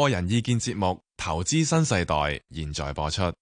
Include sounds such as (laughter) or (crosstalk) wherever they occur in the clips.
個人意見節目《投資新世代》，現在播出。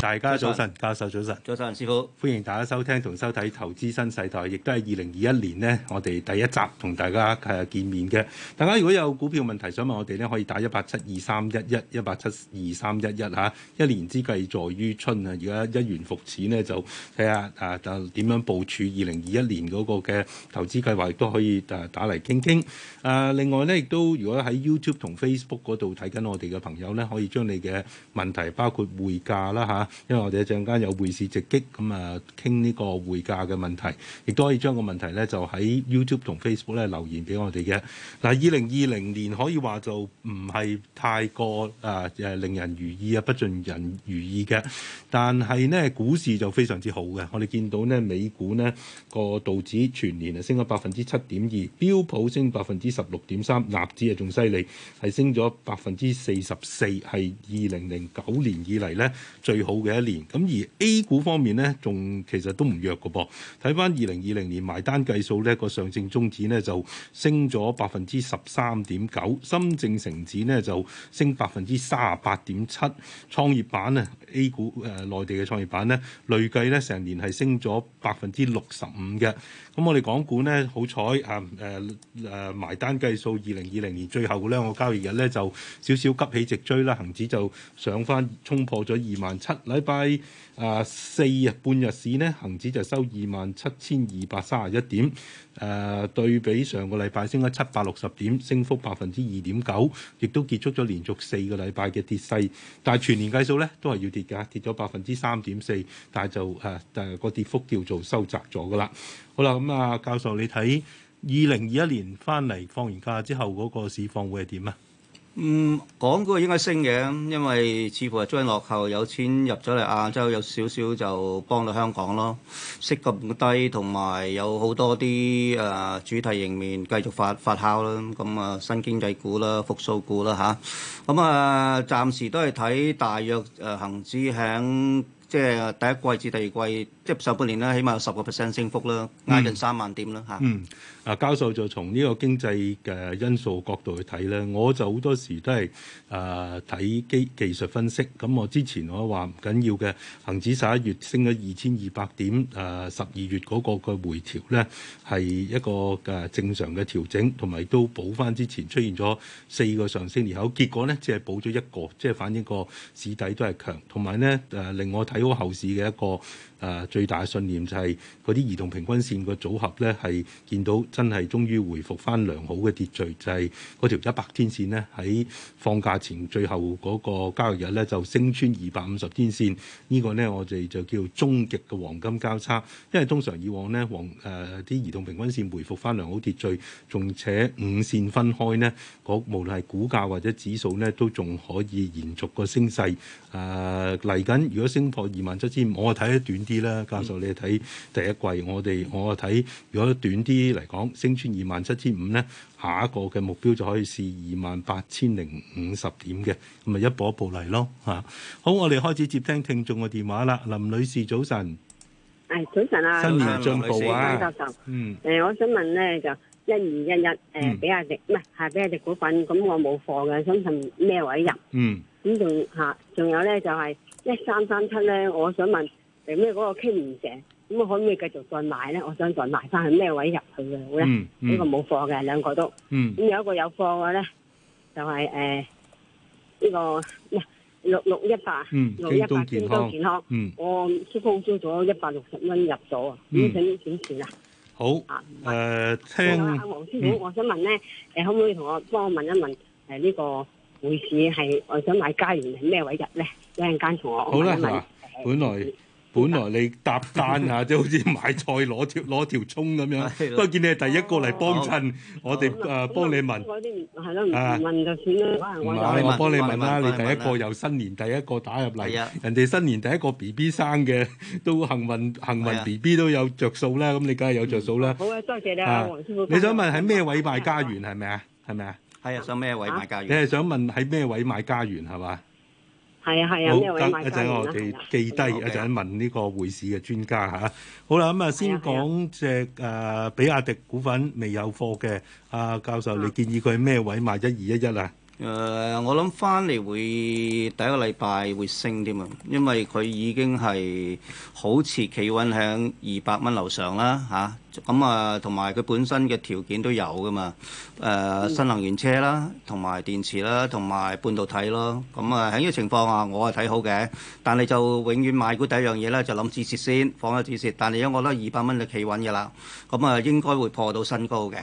大家早晨，早晨教授早晨，早晨師傅，歡迎大家收聽同收睇《投資新世代》，亦都係二零二一年呢，我哋第一集同大家係見面嘅。大家如果有股票問題想問我哋呢，可以打一八七二三一一一八七二三一一吓。一年之計在於春啊，而家一元復始呢，就睇下啊，點、呃、樣部署二零二一年嗰個嘅投資計劃，亦都可以啊打嚟傾傾。啊、呃，另外呢，亦都如果喺 YouTube 同 Facebook 嗰度睇緊我哋嘅朋友呢，可以將你嘅問題包括匯價。啦嚇，因為我哋陣間有匯市直擊，咁啊傾呢個匯價嘅問題，亦都可以將個問題咧就喺 YouTube 同 Facebook 咧留言俾我哋嘅。嗱，二零二零年可以話就唔係太過啊誒、呃、令人如意啊，不盡人如意嘅，但係呢，股市就非常之好嘅。我哋見到呢，美股呢個道指全年係升咗百分之七點二，標普升百分之十六點三，納指啊仲犀利，係升咗百分之四十四，係二零零九年以嚟呢。最好嘅一年，咁而 A 股方面咧，仲其實都唔弱嘅噃。睇翻二零二零年埋單計數咧，個上證綜指咧就升咗百分之十三點九，深證成指咧就升百分之三十八點七，創業板咧。A 股誒內地嘅創業板咧，累計咧成年係升咗百分之六十五嘅。咁、嗯、我哋港股咧好彩啊誒誒埋單計數，二零二零年最後兩個交易日咧就少少急起直追啦，恒指就上翻衝破咗二萬七，禮拜啊、呃，四日半日市呢，恒指就收二萬七千二百三十一點。誒、呃，對比上個禮拜升咗七百六十點，升幅百分之二點九，亦都結束咗連續四個禮拜嘅跌勢。但係全年計數咧，都係要跌嘅，跌咗百分之三點四。但係就誒，但、呃、係、個跌幅叫做收窄咗㗎啦。好啦，咁、嗯、啊，教授，你睇二零二一年翻嚟放完假之後，嗰個市況會係點啊？嗯，港股應該升嘅，因為似乎係追落後，有錢入咗嚟亞洲，有少少就幫到香港咯。息咁低，同埋有好多啲誒、呃、主題迎面繼續發發酵啦。咁、嗯、啊，新經濟股啦，復甦股啦吓咁啊，暫、嗯呃、時都係睇大約誒恆指喺即係第一季至第二季。即係上半年咧，起碼有十個 percent 升幅啦，挨近三萬點啦嚇、嗯。嗯，啊，教授就從呢個經濟嘅因素角度去睇咧，我就好多時都係誒睇機技術分析。咁我之前我話唔緊要嘅，恒指十一月升咗二千二百點，誒十二月嗰個嘅回調咧係一個誒正常嘅調整，同埋都補翻之前出現咗四個上升裂口，結果咧只係補咗一個，即係反映個市底都係強，同埋咧誒令我睇好後市嘅一個。誒最大嘅信念就係嗰啲移動平均線個組合咧，係見到真係終於回復翻良好嘅秩序，就係、是、嗰條一百天線咧喺放假前最後嗰個交易日咧就升穿二百五十天線，這個、呢個咧我哋就叫終極嘅黃金交叉。因為通常以往咧黃誒啲、呃、移動平均線回復翻良好秩序，仲且五線分開呢我、那個、無論係股價或者指數咧都仲可以延續個升勢。誒嚟緊如果升破二萬七千，我睇一段。啲啦，教授，你睇第一季，我哋我睇，如果短啲嚟講，升穿二萬七千五咧，下一個嘅目標就可以試二萬八千零五十點嘅，咁咪一步一步嚟咯吓。好，我哋開始接聽聽眾嘅電話啦。林女士，早晨，係早晨啊，新年進步啊，林教授，嗯，誒、呃，我想問咧就一二一一誒，比亞迪唔係係比亞迪股份，咁我冇貨嘅，想問咩位入？嗯，咁仲吓，仲有咧就係一三三七咧，我想問。係咩嗰個傾唔成咁啊？可唔可以繼續再買咧？我想再買翻去咩位入去嘅好咧？呢個冇貨嘅，兩個都咁有、嗯嗯嗯、一個有貨嘅咧，就係誒呢個六六一八，六一八健康健康、嗯、健康，我先拋招咗一百六十蚊入咗、嗯嗯、啊！咁請點算啊？好啊、呃，誒，聽阿黃師傅，我想問咧，誒，可唔可以同我幫我問一問誒？呢、呃這個會市係我想買佳源係咩位入咧？一陣間同我好啦吓、嗯，本來。本來你搭單啊，即係好似買菜攞條攞條葱咁樣，不過見你係第一個嚟幫襯，我哋誒幫你問，改啲係咯，唔問就算啦。我幫你問啦，你第一個由新年第一個打入嚟，人哋新年第一個 B B 生嘅都幸運，幸運 B B 都有着數啦，咁你梗係有着數啦。好啊，多謝你啊，你想問喺咩位買家園係咪啊？係咪啊？係啊，想咩位買家園？你係想問喺咩位買家園係嘛？係啊係啊，好，一陣我哋記低，一陣 (noise) 問呢個會市嘅專家嚇。好啦，咁啊先講隻誒比亞迪股份未有貨嘅，阿教授你建議佢咩位買？一二一一啊？誒、呃，我諗翻嚟會第一個禮拜會升添啊，因為佢已經係好似企穩喺二百蚊樓上啦嚇。咁啊，同埋佢本身嘅條件都有噶嘛。誒、啊，新能源車啦，同埋電池啦，同埋半導體咯。咁啊，喺呢個情況下，我係睇好嘅。但係就永遠買股第一樣嘢咧，就諗止蝕先，放咗止蝕。但係因為我覺得二百蚊就企穩嘅啦，咁啊應該會破到新高嘅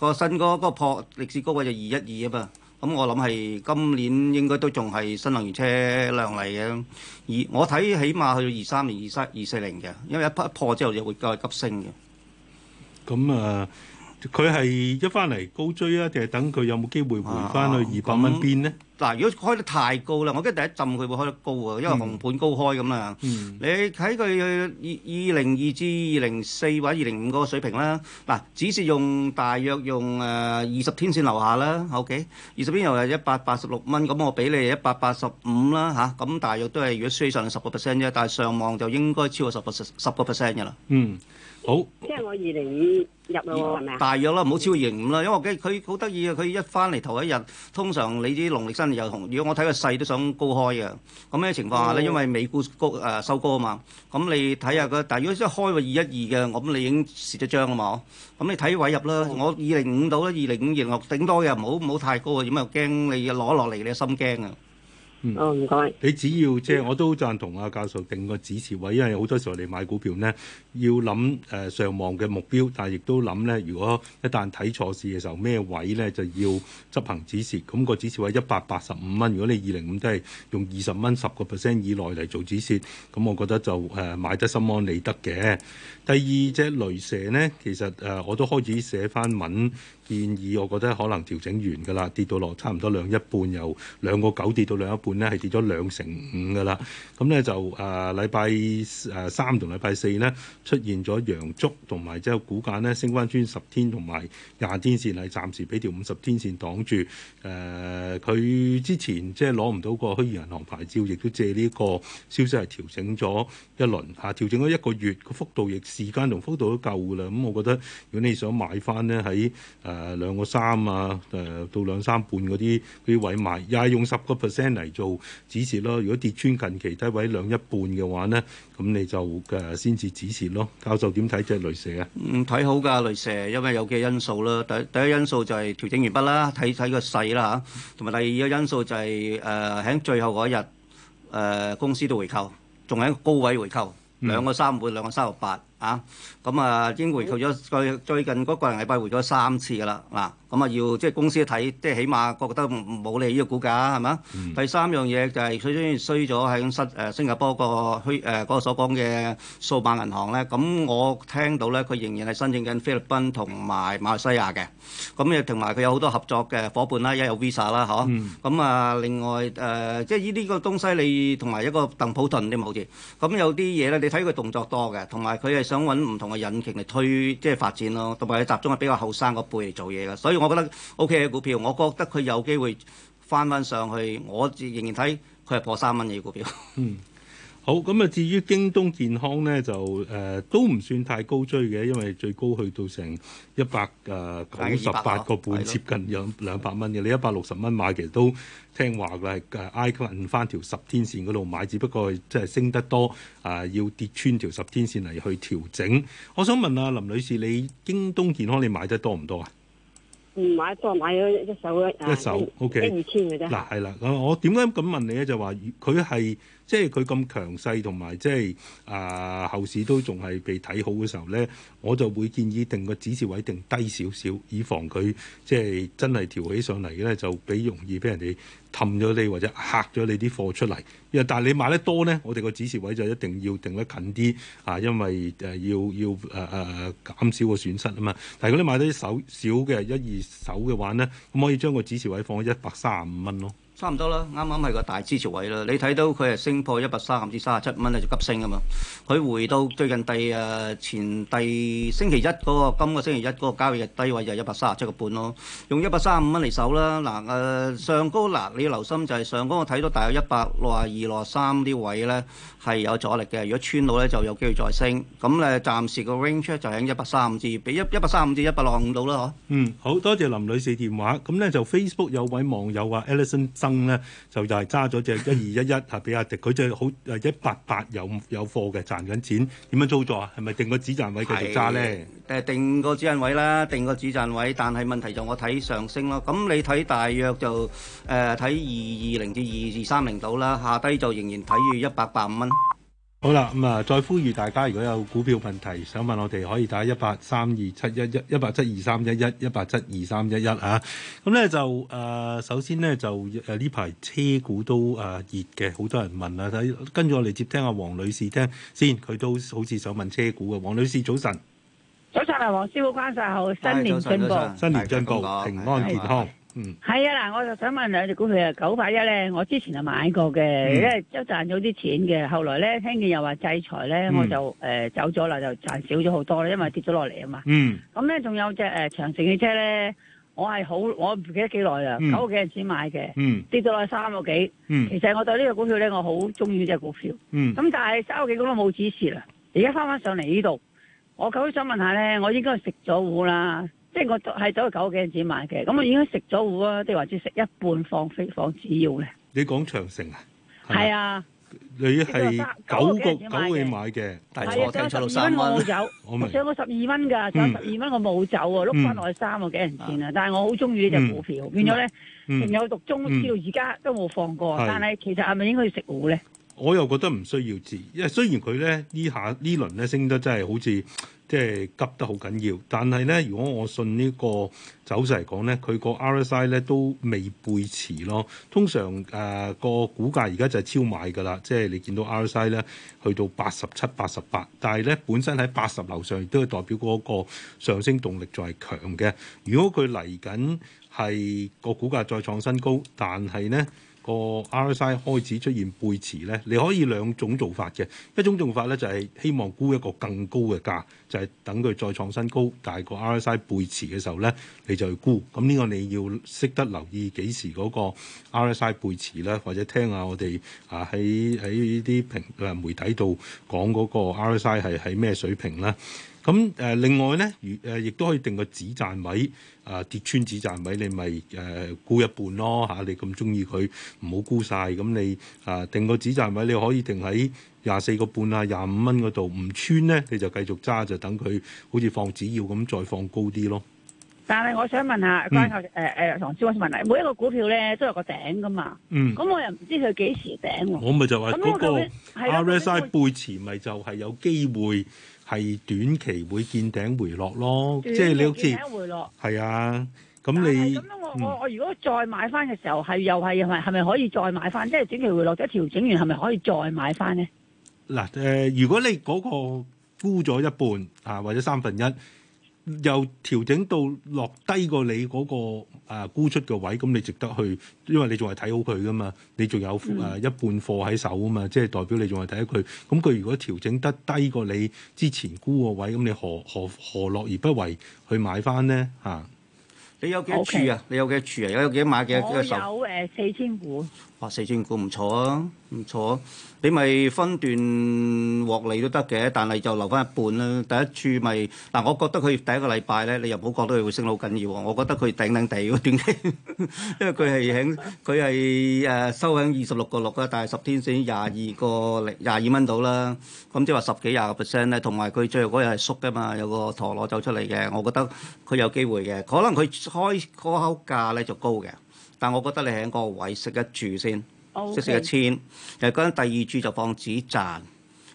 個新高嗰、那個破歷史高位就二一二啊嘛。咁、嗯、我諗係今年應該都仲係新能源車輛嚟嘅，而我睇起碼去到二三年、二三、二四零嘅，因為一,一破之後就會再急升嘅。咁啊。佢係一翻嚟高追啊，定係等佢有冇機會回翻去二百蚊邊呢？嗱、啊啊啊啊，如果開得太高啦，我覺得第一浸佢會開得高啊，因為紅盤高開咁啊。嗯、你睇佢二二零二至二零四或者二零五嗰個水平啦。嗱、啊，只是用大約用誒二十天線留下啦。O.K. 二十天又係一百八十六蚊，咁我俾你一百八十五啦吓，咁、啊、大約都係如果輸上十個 percent 啫，但係上望就應該超過十個十十個 percent 嘅啦。嗯。好，即係我二零五入咯，係咪大約啦，唔好超過二零五啦，因為佢佢好得意嘅，佢一翻嚟頭一日，通常你啲農曆新年又紅。如果我睇個勢都想高開嘅，咁咩情況下咧？哦、因為美股高誒、呃、收高啊嘛，咁你睇下佢，但係如果一開個二一二嘅，我咁你已經蝕咗張啊嘛。咁你睇位入啦，哦、我二零五到啦，二零五二零六頂多又唔好唔好太高啊，因為驚你攞落嚟你心驚啊。哦，唔該、嗯。你只要即係我都贊同阿教授定個指示位，因為好多時候你買股票呢，要諗誒上望嘅目標，但係亦都諗呢，如果一旦睇錯市嘅時候，咩位呢？就要執行指示。咁、那個指示位一百八十五蚊，如果你二零五都係用二十蚊十個 percent 以內嚟做指示，咁我覺得就誒買得心安理得嘅。第二隻雷蛇呢，其實誒、呃、我都開始寫翻文建議，我覺得可能調整完㗎啦，跌到落差唔多兩一半，由兩個九跌到兩一半呢，係跌咗兩成五㗎啦。咁、嗯、呢，就誒禮、呃、拜誒三同禮拜四呢，出現咗陽燭，同埋即係股價呢升翻穿十天同埋廿天線，係暫時俾條五十天線擋住。誒、呃、佢之前即係攞唔到個虛擬銀行牌照，亦都借呢個消息係調整咗一輪嚇，調、啊、整咗一個月個幅度亦。時間同幅度都夠啦，咁、嗯、我覺得如果你想買翻呢喺誒兩個三啊，誒到兩三半嗰啲嗰啲位買，也用十個 percent 嚟做止蝕咯。如果跌穿近期低位兩一半嘅話呢，咁你就誒先至止蝕咯。教授點睇隻雷蛇啊？嗯，睇好㗎雷蛇，因為有幾因素啦。第第一因素就係調整完畢啦，睇睇個勢啦嚇，同埋第二個因素就係誒喺最後嗰一日誒公司度回購，仲喺高位回購兩個三半，兩個三六八。啊，咁啊，已經回購咗，最最近嗰個禮拜回購咗三次噶啦，啊。咁啊要即係公司睇，即係起碼覺得冇利於股價，係咪？嗯、第三樣嘢就係雖然衰咗喺新誒新加坡、嗰個虛誒嗰所講嘅數碼銀行咧，咁我聽到咧佢仍然係申請緊菲律賓同埋馬來西亞嘅。咁誒同埋佢有好多合作嘅伙伴啦，一有 Visa 啦、啊，吓、嗯，咁啊、嗯、另外誒、呃，即係呢啲個東西你同埋一個鄧普頓啲好似。咁有啲嘢咧，你睇佢動作多嘅，同埋佢係想揾唔同嘅引擎嚟推即係發展咯，同埋佢集中係比較後生嗰輩嚟做嘢嘅，所以。我覺得 O.K. 嘅股票，我覺得佢有機會翻翻上去。我仍然睇佢係破三蚊嘅股票。嗯，好咁啊。至於京東健康咧，就誒、呃、都唔算太高追嘅，因為最高去到成一百誒九十八個半了，接近兩兩百蚊嘅。你一百六十蚊買，其實都聽話嘅，係挨翻條十天線嗰度買。只不過即係升得多啊、呃，要跌穿條十天線嚟去調整。我想問啊，林女士，你京東健康你買得多唔多啊？唔買多，買咗一手，一手，OK，二千嘅啫。嗱係啦，咁、啊、我點解咁問你咧？就話佢係即係佢咁強勢同埋即係啊後市都仲係被睇好嘅時候咧，我就會建議定個指示位定低少少，以防佢即係真係調起上嚟咧，就俾容易俾人哋，氹咗你或者嚇咗你啲貨出嚟，因為但係你買得多咧，我哋個指示位就一定要定得近啲啊，因為誒、呃、要要誒誒減少個損失啊嘛。但係如果你買到啲手少嘅一二手嘅話咧，咁可以將個指示位放喺一百三十五蚊咯。差唔多啦，啱啱係個大支持位啦。你睇到佢係升破一百三十至三十七蚊咧，就急升啊嘛。佢回到最近第誒前第星期一嗰個，今個星期一嗰個交易日低位就係一百三十七個半咯。用一百三十五蚊嚟守啦。嗱誒上高嗱，你要留心就係上高，我睇到大約一百六十二六十三啲位咧係有阻力嘅。如果穿到咧，就有機會再升。咁誒暫時個 range 就喺一百三十五至，俾一一百三十五至一百六十五度啦，嗬。嗯，好多謝林女士電話。咁咧就 Facebook 有位網友話，Ellison 生。咧就就係揸咗隻一二一一嚇比亞迪，佢隻好誒一八八有有貨嘅，賺緊錢，點樣操作啊？係咪定個止賺位繼續揸咧？誒定個止賺位啦，定個止賺位，但係問題就我睇上升咯。咁你睇大約就誒睇二二零至二二三零度啦，下低就仍然睇住一百八五蚊。好啦，咁啊，再呼籲大家，如果有股票問題想問我哋，可以打一八三二七一一一八七二三一一一八七二三一一啊。咁、嗯、咧，就誒、呃，首先咧就誒呢排車股都誒熱嘅，好多人問啊。睇跟住我嚟，接聽阿黃女士聽先，佢都好似想問車股嘅。黃女士早晨，早晨啊，黃師傅關晒好，新年進步，新年進步，平安健康。嗯，係啊，嗱，我就想問兩隻股票啊，九八一咧，我之前就買過嘅，因為都賺咗啲錢嘅，後來咧聽見又話制裁咧，嗯、我就誒、呃、走咗啦，就賺少咗好多啦，因為跌咗落嚟啊嘛。嗯，咁咧仲有隻誒、呃、長城汽車咧，我係好，我唔記得幾耐啊，九幾日先買嘅。嗯、跌咗落三個幾。嗯、其實我對呢隻股票咧，我好中意呢隻股票。咁、嗯、但係三個幾咁都冇止蝕啦，而家翻翻上嚟呢度，我究竟想問下咧，我應該食咗糊啦？即係我係走咗九個幾人錢買嘅，咁我應該食咗糊啊？即係話只食一半放飛放止要咧。你講長城啊？係啊，你係九個九月買嘅，但係我跌咗到三蚊，我冇走，我上個十二蚊㗎，仲有十二蚊我冇走啊。碌翻落去三個幾人錢啊！但係我好中意呢隻股票，變咗咧情有獨鍾，知道而家都冇放過，但係其實係咪應該要食糊咧？我又覺得唔需要治。因為雖然佢咧呢下呢輪咧升得真係好似。即係急得好緊要，但係咧，如果我信呢個走勢嚟講咧，佢個 RSI 咧都未背馳咯。通常誒個、呃、股價而家就係超買㗎啦，即係你見到 RSI 咧去到八十七、八十八，但係咧本身喺八十樓上亦都係代表嗰個上升動力再強嘅。如果佢嚟緊係個股價再創新高，但係咧。個 RSI 開始出現背馳咧，你可以兩種做法嘅，一種做法咧就係、是、希望沽一個更高嘅價，就係、是、等佢再創新高，但係個 RSI 背馳嘅時候咧，你就去沽。咁呢個你要識得留意幾時嗰個 RSI 背馳啦，或者聽下我哋啊喺喺啲平啊媒體度講嗰個 RSI 係喺咩水平啦。咁誒另外咧，誒亦都可以定個止賺位。啊！跌穿止賺位，你咪誒沽一半咯嚇！你咁中意佢，唔好沽曬，咁你啊定個止賺位，你可以定喺廿四個半啊、廿五蚊嗰度。唔穿咧，你就繼續揸，就等佢好似放紙鷂咁，再放高啲咯。但係我想問下關頭誒誒，唐少我問你，每一個股票咧都有個頂噶嘛？嗯。咁我又唔知佢幾時頂喎。我咪就話嗰個阿 RSI 背馳咪就係有機會。係短期會見頂回落咯，即係你好似回落係啊，咁你咁樣我我我如果再買翻嘅時候係又係係咪可以再買翻？即係短期回落即調整完係咪可以再買翻咧？嗱誒，如果你嗰個沽咗一半啊或者三分一，又調整到落低過你嗰個。啊沽出個位，咁你值得去，因為你仲係睇好佢㗎嘛，你仲有誒一半貨喺手啊嘛，嗯、即係代表你仲係睇得佢。咁佢如果調整得低過你之前沽個位，咁你何何何樂而不為去買翻咧嚇？啊、你有幾多處啊？Okay. 你有幾多處啊？有幾多買嘅？我有誒四千股。百四千股唔錯啊，唔錯啊，你咪分段獲利都得嘅，但係就留翻一半啦。第一處咪嗱，我覺得佢第一個禮拜咧，你又唔好覺得佢會升得好緊要，我覺得佢頂頂地喎短 (laughs) 因為佢係喺佢係誒收喺二十六個六啦，但係十天線廿二個零廿二蚊到啦。咁即係話十幾廿個 percent 咧，同埋佢最後嗰日係縮㗎嘛，有個陀螺走出嚟嘅，我覺得佢有機會嘅，可能佢開嗰口價咧就高嘅。但我覺得你喺個位食一住先，即係、oh, okay. 食一千，誒跟第二住就放止賺，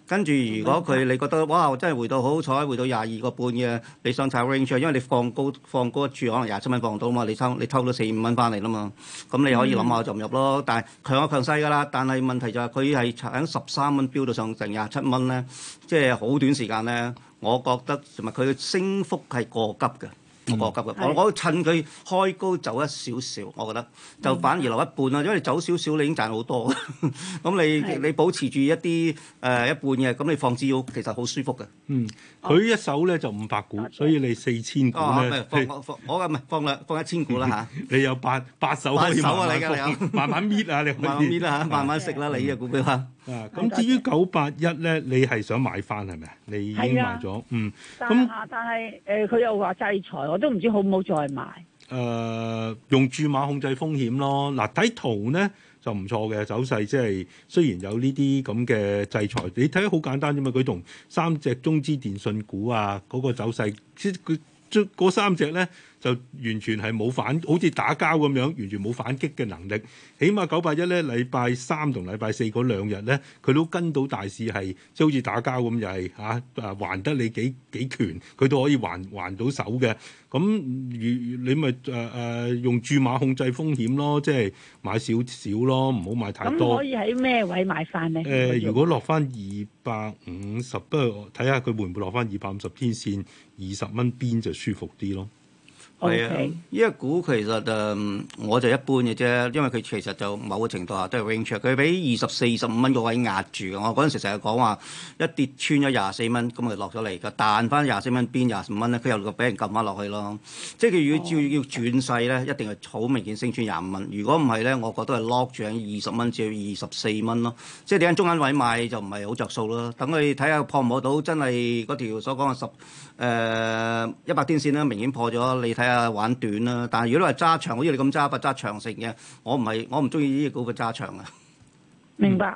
跟住如果佢你覺得哇，真係回到好彩，回到廿二個半嘅，你想炒 range 因為你放高放高一注可能廿七蚊放到啊嘛，你抽你抽到四五蚊翻嚟啦嘛，咁你可以諗下就唔入咯。但係強有強勢㗎啦，但係問題就係佢係喺十三蚊飆到上成廿七蚊咧，即係好短時間咧，我覺得同埋佢嘅升幅係過急嘅。我急嘅，我我趁佢開高走一少少，我覺得就反而留一半啦，因為走少少你已經賺好多，咁你你保持住一啲誒一半嘅，咁你放資料其實好舒服嘅。嗯，佢一手咧就五百股，所以你四千股咧，我唔係放兩放一千股啦嚇。你有八八手可以啊你而家有，慢慢搣啊你慢慢搣啦，慢慢食啦你呢隻股票。啊！咁至於九八一咧，你係想買翻係咪啊？你已經買咗，的嗯。咁但係，誒佢那、呃、又話制裁，我都唔知好唔好再買。誒、呃，用注碼控制風險咯。嗱，睇圖咧就唔錯嘅走勢，即，即係雖然有呢啲咁嘅制裁，你睇得好簡單啫嘛。佢同三隻中資電信股啊，嗰、那個走勢，即佢即嗰三隻咧。就完全係冇反，好似打交咁樣，完全冇反擊嘅能力。起碼九百一咧，禮拜三同禮拜四嗰兩日咧，佢都跟到大市，係即係好似打交咁，就係嚇誒，還得你幾幾拳，佢都可以還還到手嘅。咁、嗯、如你咪誒誒用注碼控制風險咯，即係買少少咯，唔好買太多。可以喺咩位買翻咧？誒、呃，如果落翻二百五十，不過睇下佢會唔會落翻二百五十天線，二十蚊邊就舒服啲咯。係 Okay. 啊，呢、這個股其實誒、呃，我就一般嘅啫，因為佢其實就某個程度下都係 range，佢俾二十四、二十五蚊嗰位壓住嘅。我嗰陣時成日講話，一跌穿咗廿四蚊，咁咪落咗嚟噶，彈翻廿四蚊邊廿五蚊咧，佢又個俾人撳翻落去咯。即係佢如果照要轉勢咧，一定係好明顯升穿廿五蚊。如果唔係咧，我覺得係 lock 住喺二十蚊至二十四蚊咯。即係點解中間位買就唔係好着數咧？等佢睇下破唔破到真係嗰條所講嘅十。誒，一百天線啦，明顯破咗，你睇下玩短啦。但係如果話揸長，好似你咁揸，不揸長城嘅，我唔係，我唔中意呢啲揸長啊。明白，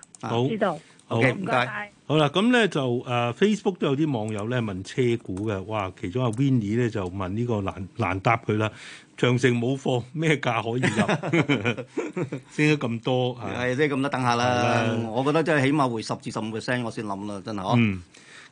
知道。好唔該。好啦，咁咧就誒 Facebook 都有啲網友咧問車股嘅，哇！其中阿 w i n n i e 咧就問呢個難，難答佢啦。長城冇貨咩價可以入？升咗咁多，係即係咁啦，等下啦。我覺得即係起碼回十至十五 p e 我先諗啦，真係嗬。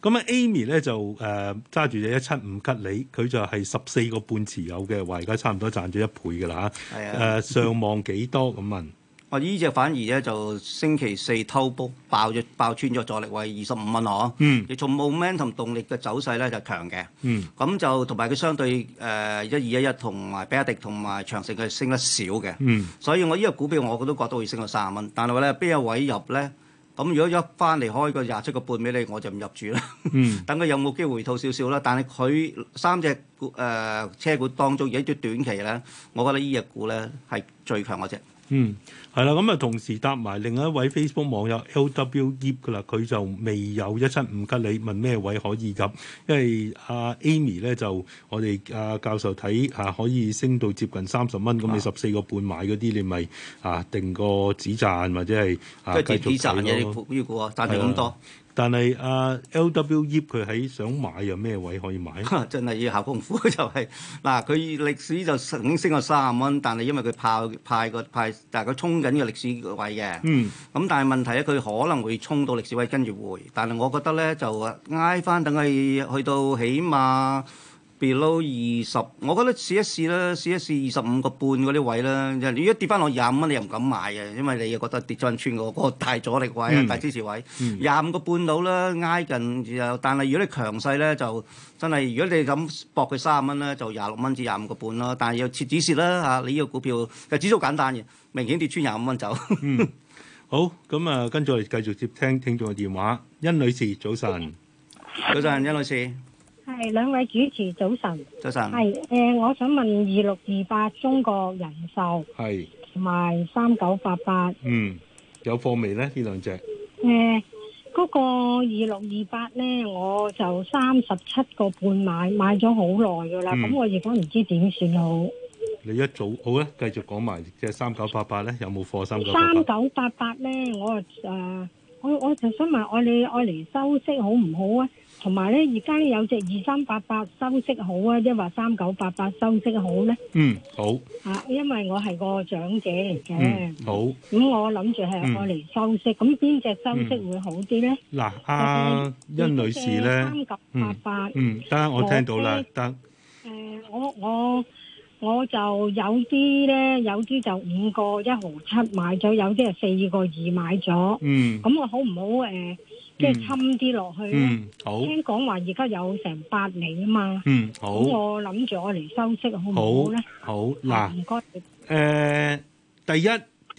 咁啊，Amy 咧就誒揸住隻一七五吉利，佢就係十四個半持有嘅，話而家差唔多賺咗一倍嘅啦嚇。誒是、啊呃、上望幾多咁問？我呢隻反而咧就星期四偷煲爆咗，爆穿咗阻力位二十五蚊哦。啊、嗯，你從 momentum 動力嘅走勢咧就強嘅。嗯，咁就同埋佢相對誒一二一一同埋比亞迪同埋長城佢升得少嘅。嗯，所以我呢個股票我覺得都覺得會升到卅蚊，但係咧邊一位入咧？咁如果一翻嚟開個廿七個半畀你，我就唔入住啦。 (laughs) 等佢有冇機會套少少啦？但係佢三隻誒、呃、車股當中，有一隻短期咧，我覺得依隻股咧係最強嗰隻。嗯，係啦，咁啊，同時答埋另一位 Facebook 網友 LWGip 嘅啦，佢就未有一七五吉利，問咩位可以咁？因為阿、啊、Amy 咧就我哋阿、啊、教授睇嚇、啊、可以升到接近三十蚊，咁、啊、你十四個半買嗰啲，你咪啊定個止賺或者係啊即繼續賺咯。跟住止賺嘅呢啲股啊，賺住咁多。但係啊，LWY 佢喺想買有咩位可以買？ (laughs) 真係要下功夫就係、是、嗱，佢歷史就曾經升過三十蚊，但係因為佢派派個派，但係佢衝緊個歷史位嘅。嗯。咁但係問題咧，佢可能會衝到歷史位跟住回，但係我覺得咧就挨翻，等佢去到起碼。below 二十，我覺得試一試啦，試一試二十五個半嗰啲位啦。人如果一跌翻落廿五蚊，你又唔敢買嘅，因為你又覺得跌穿穿嗰個大阻力位，嗯、大支持位。廿五個半到啦，挨近，但係如果你強勢咧，就真係如果你咁搏佢卅蚊咧，就廿六蚊至廿五個半啦。但係又設止蝕啦，吓你呢個股票嘅指數簡單嘅，明顯跌穿廿五蚊走，嗯。好，咁啊、呃，跟住繼續接聽聽眾嘅電話，殷女士早晨，早晨，殷、嗯、女士。係兩位主持，早晨，早晨，係誒，我想問二六二八中國人壽係，同埋三九八八，嗯，有貨未呢？呢兩隻誒，嗰個二六二八呢，我就三十七個半買，買咗好耐噶啦，咁我亦都唔知點算好。你一早好咧，繼續講埋即係三九八八呢，有冇貨？三九八八三九八八呢，我誒，我我就想問，我你愛嚟收息好唔好啊？同埋咧，而家有隻二三八八收息好啊，即係話三九八八收息好咧。嗯，好。啊，因為我係個長者嚟嘅。嗯，好。咁我諗住係愛嚟收息，咁邊隻收息會好啲咧？嗱，阿殷女士咧，三九八八。嗯，得，我聽到啦，得。誒，我我我就有啲咧，有啲就五個一毫七買咗，有啲係四個二買咗。嗯。咁我好唔好誒？即係侵啲落去。嗯，嗯，好。聽講話而家有成八厘啊嘛。嗯，好。我諗住我嚟收息好好，好唔好咧？好。嗱，唔該。誒，第一，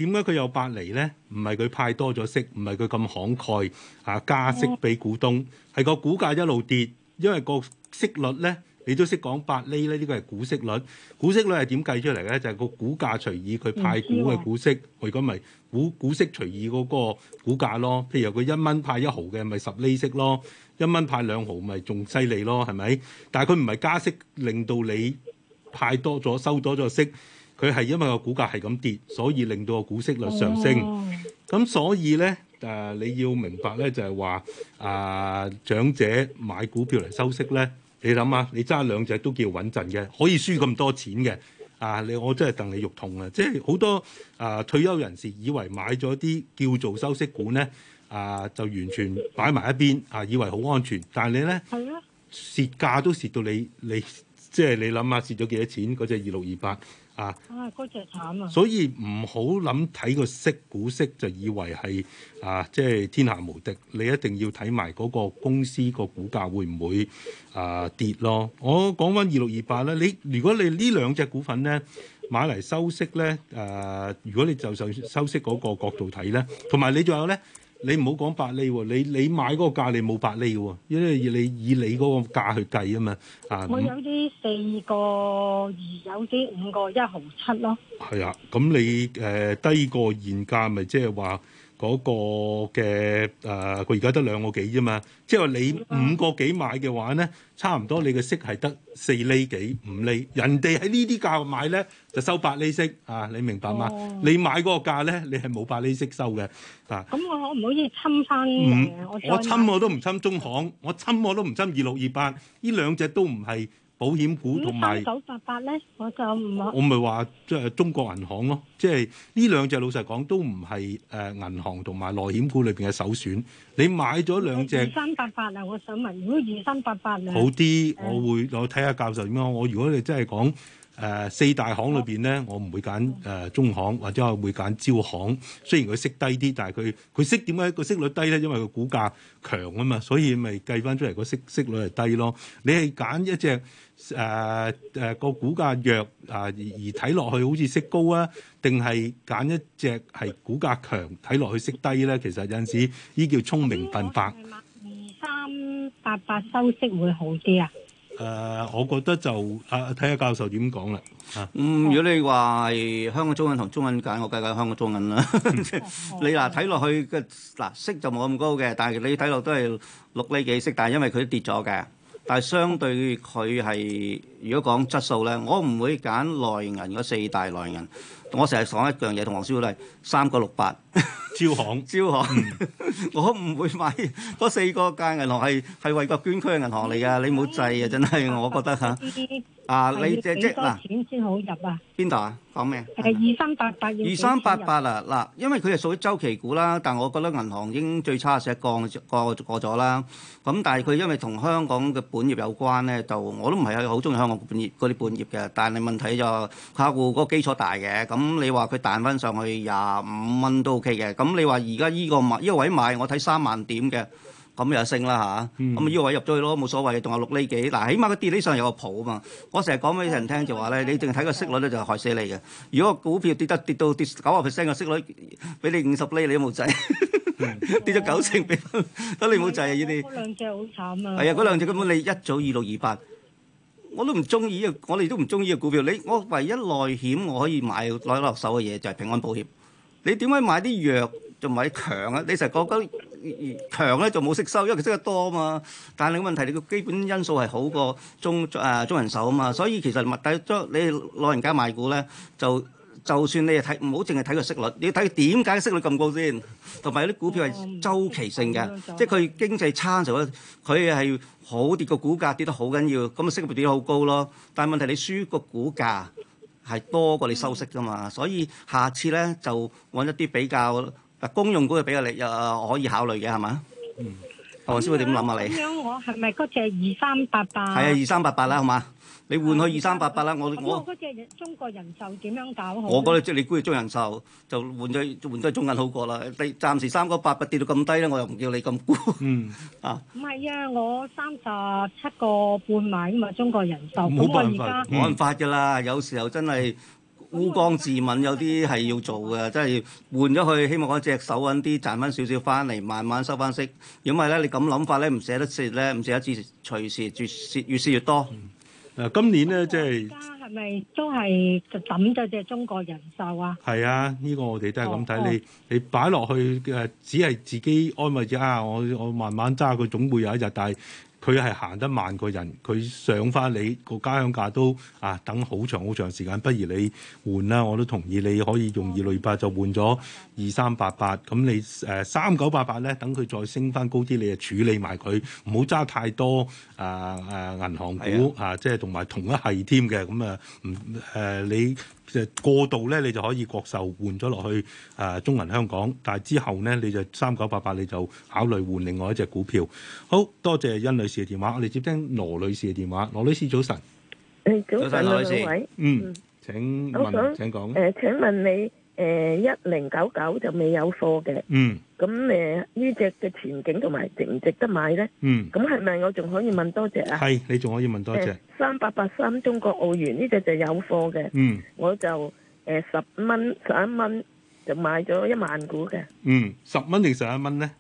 點解佢有八厘咧？唔係佢派多咗息，唔係佢咁慷慨啊加息俾股東，係、哦、個股價一路跌，因為個息率咧。你都識講八厘咧？呢個係股息率，股息率係點計出嚟咧？就係、是、個股價除以佢派股嘅股息，我而家咪股股息除以嗰個股價咯。譬如佢一蚊派一毫嘅，咪、就、十、是、厘息咯；一蚊派兩毫，咪仲犀利咯，係咪？但係佢唔係加息令到你派多咗收多咗息，佢係因為個股價係咁跌，所以令到個股息率上升。咁、哎、呀所以咧，誒、呃、你要明白咧，就係話啊長者買股票嚟收息咧。你諗下，你揸兩隻都叫穩陣嘅，可以輸咁多錢嘅啊！你我真係戥你肉痛啊！即係好多啊退休人士以為買咗啲叫做收息股咧啊，就完全擺埋一邊啊，以為好安全，但係你咧，蝕係啊，價都蝕到你你即係你諗下蝕咗幾多錢？嗰隻二六二八。啊！嗰隻慘啊！所以唔好諗睇個息股息就以為係啊，即、就、係、是、天下無敵。你一定要睇埋嗰個公司個股價會唔會啊跌咯。我講返二六二八咧，你如果你呢兩隻股份咧買嚟收息咧，誒、啊，如果你就上收息嗰個角度睇咧，同埋你仲有咧。你唔好講八釐喎，你，你買嗰個價你冇八釐喎，因為以你以你嗰個價去計啊嘛，啊！我有啲四個二，有啲五個一毫七咯。係啊，咁你誒、呃、低過現價咪即係話？就是就是嗰個嘅誒，佢而家得兩個幾啫嘛，即係話你五個幾買嘅話咧，差唔多你嘅息係得四厘幾，五厘。人哋喺呢啲價買咧，就收八厘息啊，你明白嗎？嗯、你買嗰個價咧，你係冇八厘息收嘅。啊，咁我可唔可以侵翻呢樣嘢？我侵我都唔侵中行，我侵我都唔侵二六二八，呢兩隻都唔係。保險股同埋，九八八八呢，我就唔係話即係中國銀行咯，即係呢兩隻老實講都唔係誒銀行同埋內險股裏邊嘅首選。你買咗兩隻二三八八啊？我想問，如果二三八八啊，好啲，我會我睇下教授點樣。我如果你真係講。誒、呃、四大行裏邊咧，我唔會揀誒中行，或者我會揀招行。雖然佢息低啲，但係佢佢息，點解個息率低咧？因為個股價強啊嘛，所以咪計翻出嚟個息息率係低咯。你係揀一隻誒誒個股價弱啊，而而睇落去好似息高啊，定係揀一隻係股價強睇落去息低咧？其實有陣時呢叫聰明笨伯。嗯、二三八八收息會好啲啊？誒、呃，我覺得就啊，睇下教授點講啦。啊、嗯，如果你話係香港中銀同中銀揀，我計計香港中銀啦。嗯、 (laughs) 你嗱睇落去嘅嗱、啊、息就冇咁高嘅，但係你睇落都係六釐幾息，但係因為佢都跌咗嘅，但係相對佢係如果講質素咧，我唔會揀內銀嗰四大內銀。我成日講一樣嘢，同黃少利都係三個六八。招 (laughs) 行，招 (noise) 超行， (laughs) 我唔會買嗰 (laughs) 四個間銀行係係為國捐軀嘅銀行嚟㗎，你唔好制啊！真係，我覺得嚇。啊，你即即嗱，錢先好入啊？邊度啊？講咩？誒，二三八八二三八八啊嗱、啊，因為佢係屬於周期股啦。但係我覺得銀行已經最差嘅時日降過過咗啦。咁但係佢因為同香港嘅本業有關咧，就我都唔係好中意香港本業嗰啲本業嘅。但係問題就客戶個基礎大嘅，咁你話佢彈翻上去廿五蚊都。OK 嘅，咁你話而家依個買依個位買，我睇三萬點嘅，咁又升啦嚇。咁依個位入咗去咯，冇所謂嘅，仲有六厘幾。嗱，起碼個跌呢上有個譜啊嘛。我成日講俾人聽就話咧，你淨係睇個息率咧就害死你嘅。如果個股票跌得跌到跌九啊 percent 嘅息率，俾你五十厘你都冇制，跌咗九成俾得你冇制啊！依啲。兩隻好慘啊！係啊，嗰兩隻根本你一早二六二八，我都唔中意，我哋都唔中意嘅股票。你我唯一內險我可以買攞得落手嘅嘢就係平安保險。你點解買啲弱仲買強啊？你成日覺得強咧，就冇息收，因為佢升得多啊嘛。但係個問題，你個基本因素係好過中誒、啊、中人手啊嘛。所以其實物體都你老人家買股咧，就就算你係睇，唔好淨係睇個息率，你要睇佢點解息率咁高先。同埋有啲股票係周期性嘅，即係佢經濟差就會佢係好跌個股價跌得好緊要，咁咪息率跌得好高咯。但係問題你輸個股價。係多過你收息噶嘛，所以下次咧就揾一啲比較嗱公用股嘅比較力啊，我可以考慮嘅係嘛？嗯，黃師傅點諗啊？你咁樣我係咪嗰隻二三八八？係啊，二三八八啦，好嘛？你換去二三八八啦，我我嗰隻中國人壽點樣搞好？我覺得即係你估住、就是、中國人壽就換咗換咗中銀好過啦。你暫時三九八八跌到咁低咧，我又唔叫你咁估、 (laughs) 嗯。啊！唔係啊，我三十七個半買咁啊，中國人壽。冇辦法，冇、嗯、辦法㗎啦！有時候真係烏江自刎，有啲係要做嘅，真係換咗去。希望我隻手揾啲賺翻少少翻嚟，慢慢收翻息。如果唔係咧，你咁諗法咧，唔捨得蝕咧，唔捨得隨時隨時越蝕越蝕越多。嗯誒今年咧，即係而家係咪都係就抌咗隻中國人壽啊？係啊，呢個我哋都係咁睇你，你擺落去嘅只係自己安慰住啊！我我慢慢揸，佢總會有一日，但係。佢係行得慢個人，佢上翻你個家鄉價都啊等好長好長時間，不如你換啦，我都同意你可以用二六八就換咗二三八八，咁你誒三九八八咧，3, 9, 8, 8, 等佢再升翻高啲，你就處理埋佢，唔好揸太多啊啊銀行股啊，即係同埋同一係添嘅，咁啊唔誒、啊啊、你。誒過度咧，你就可以國壽換咗落去誒、呃、中銀香港，但係之後呢，你就三九八八，你就考慮換另外一隻股票。好多謝殷女士嘅電話，我哋接聽羅女士嘅電話。羅女士早晨，早晨上羅女士，嗯，請問想請講誒、啊呃？請問你誒一零九九就未有貨嘅？嗯。咁誒呢隻嘅前景同埋值唔值得買咧？嗯，咁係咪我仲可以問多隻啊？係，你仲可以問多隻、嗯？三八八三中國奧園呢隻、這個、就有貨嘅。嗯，我就誒、呃、十蚊十一蚊就買咗一萬股嘅。嗯，十蚊定十一蚊咧？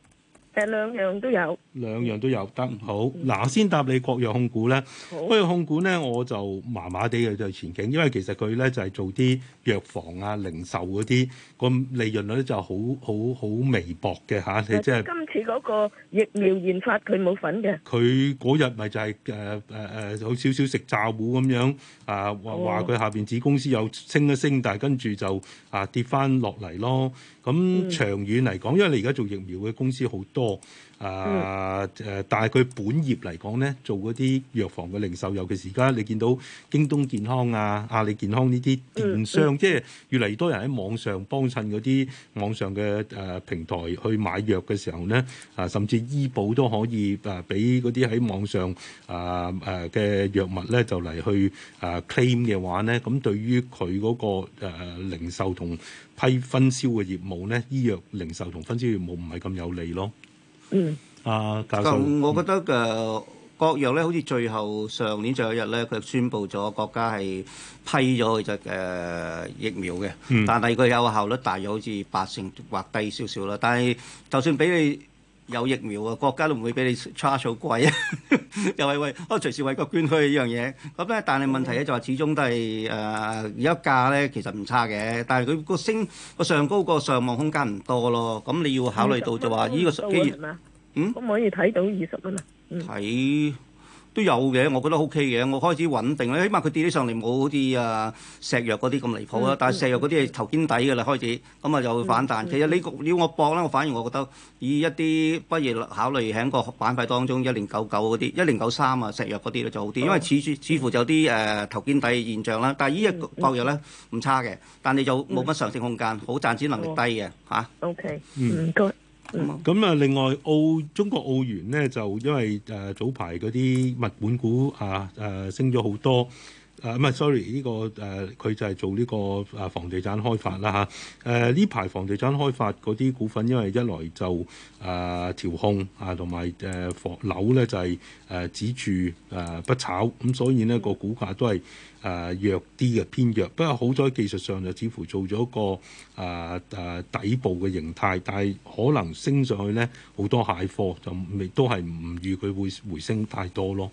誒兩樣都有，兩樣都有得好。嗱、嗯，我先答你國藥控股啦。國藥好控股咧，我就麻麻地嘅就是、前景，因為其實佢咧就係、是、做啲藥房啊、零售嗰啲，個利潤率咧就好好好微薄嘅嚇。你即係今次嗰個疫苗研發，佢冇份嘅。佢嗰日咪就係誒誒誒有少少食炸糊咁樣啊，話話佢下邊子公司有升一升，但係跟住就。啊，跌翻落嚟咯。咁、嗯、長遠嚟講，因為你而家做疫苗嘅公司好多。啊！誒、呃，但係佢本業嚟講咧，做嗰啲藥房嘅零售，尤其是而家你見到京東健康啊、阿里健康呢啲電商，嗯、即係越嚟越多人喺網上幫襯嗰啲網上嘅誒平台去買藥嘅時候咧，啊，甚至醫保都可以啊，俾嗰啲喺網上啊啊嘅藥物咧，就嚟去啊 claim 嘅話咧，咁對於佢嗰、個誒、啊、零售同批分銷嘅業務咧，醫藥零售同分銷業務唔係咁有利咯。嗯，阿、啊、教授，嗯、我覺得誒、呃，國藥咧，好似最後上年最後一日咧，佢宣布咗國家係批咗佢隻誒疫苗嘅，但係佢有效率大約好似八成或低少少啦。但係就算俾你。有疫苗啊，國家都唔會俾你 charge 數貴啊， (laughs) 又係喂，我隨時為國捐軀呢樣嘢，咁咧，但係問題咧就係始終都係誒而家價咧其實唔差嘅，但係佢個升個上高個上望空間唔多咯，咁你要考慮到就話呢個機率，嗎嗯，可唔可以睇到二十蚊啊？睇。都有嘅，我覺得 OK 嘅，我開始穩定啦，起碼佢跌起上嚟冇好啲啊石藥嗰啲咁離譜啦，嗯、但係石藥嗰啲係頭肩底嘅啦，開始咁啊就會反彈。嗯、其實你要我搏咧，我反而我覺得以一啲不如考慮喺一個板塊當中一零九九嗰啲一零九三啊石藥嗰啲咧就好啲，哦、因為似似乎就啲誒、呃、頭肩底現象啦。但係依一個藥咧唔差嘅，但你就冇乜上升空間，好賺錢能力低嘅嚇。O K，唔該。Okay, 嗯嗯。咁啊，嗯、另外，澳中國澳元咧，就因為誒、呃、早排嗰啲物本股啊誒、呃呃、升咗好多。誒唔係，sorry，呢、這個誒佢、uh, 就係做呢、這個誒、uh, 房地產開發啦嚇。誒呢排房地產開發嗰啲股份，因為一來就誒、uh, 調控啊，同埋誒房樓咧就係誒指住誒、uh, 不炒，咁、uh, 所以呢、那個股價都係誒、uh, 弱啲嘅偏弱。不過好在技術上就似乎做咗個誒誒、uh, 底部嘅形態，但係可能升上去咧好多蟹貨就未都係唔預佢會回升太多咯。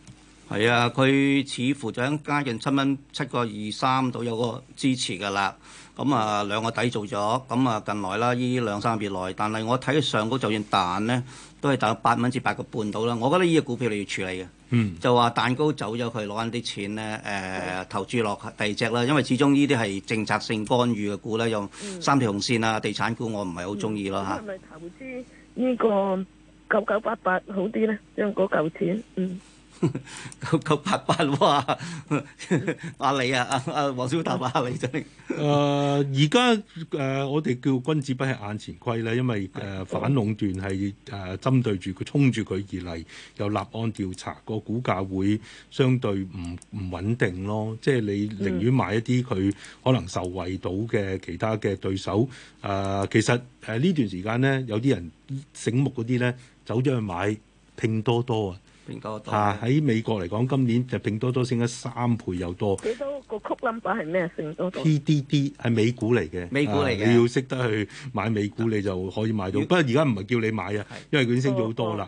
係啊，佢似乎就喺加緊七蚊七個二三到有個支持㗎啦。咁啊兩個底做咗，咁、嗯、啊近來啦呢兩三月內。但係我睇上高就算彈呢，都係彈八蚊至八個半到啦。我覺得呢隻股票你要處理嘅，hmm. 就話蛋糕走咗，佢攞翻啲錢呢，誒、呃、投資落第二隻啦。因為始終呢啲係政策性干預嘅股咧，用三條紅線啊，地產股我唔係好中意咯嚇。係咪投資呢個九九八八好啲咧？將嗰嚿錢，嗯。嗯九 (laughs) 九八八哇！阿里啊，阿阿黃小達買阿里真係。而家誒我哋叫君子不棄眼前虧咧，因為誒、呃、反壟斷係誒、呃、針對住佢衝住佢而嚟，又立案調查，個股價會相對唔唔穩定咯。即係你寧願買一啲佢可能受惠到嘅其他嘅對手。誒、呃、其實誒呢、呃、段時間咧，有啲人醒目嗰啲咧，走咗去買拼多多啊！嚇！喺美國嚟講，今年就拼多多升咗三倍又多。幾多個 code number 係咩？拼多多？PDD 係美股嚟嘅，美股嚟嘅、啊。你要識得去買美股，的你就可以買到。要不過而家唔係叫你買啊，因為佢已經升咗好多啦。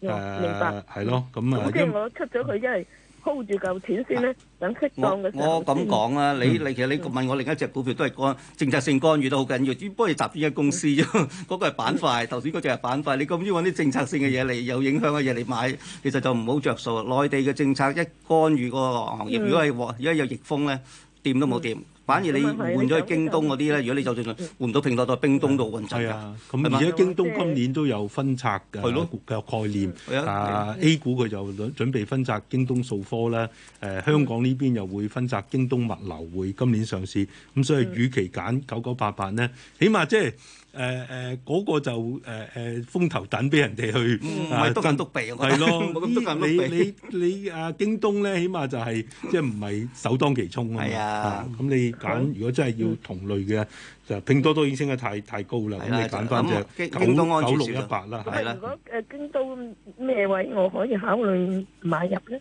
明白？係、啊、咯，咁、嗯、啊，即係我出咗佢，嗯、因為。hold 住嚿錢先咧，等適當嘅時候再沽。我咁講啊，你你其實你問我另一隻股票，都係干政策性干預都好緊要，只不過係集邊間公司啫。嗰、嗯、 (laughs) 個係板塊，頭先嗰隻係板塊。你咁樣揾啲政策性嘅嘢嚟有影響嘅嘢嚟買，其實就唔好着數。內地嘅政策一干預個行業，嗯、如果係而家有逆風咧，掂都冇掂。嗯嗯。反而你換咗去京東嗰啲咧，如果你就算換唔到拼多多，係京東度運作啊，咁而家京東今年都有分拆嘅，係咯，個概念。啊，A 股佢就準準備分拆京東數科啦。誒，香港呢邊又會分拆京東物流，會今年上市。咁所以，與其揀九九八八咧，起碼即係。誒誒嗰個就誒誒風頭等俾人哋去爭督鼻。係咯。依你你你啊，京東咧，起碼就係即係唔係首當其衝啊，咁你揀如果真係要同類嘅，就拼多多已經升得太太高啦。咁你揀翻隻京京東九六一八啦，係啦。如果誒京東咩位我可以考慮買入咧？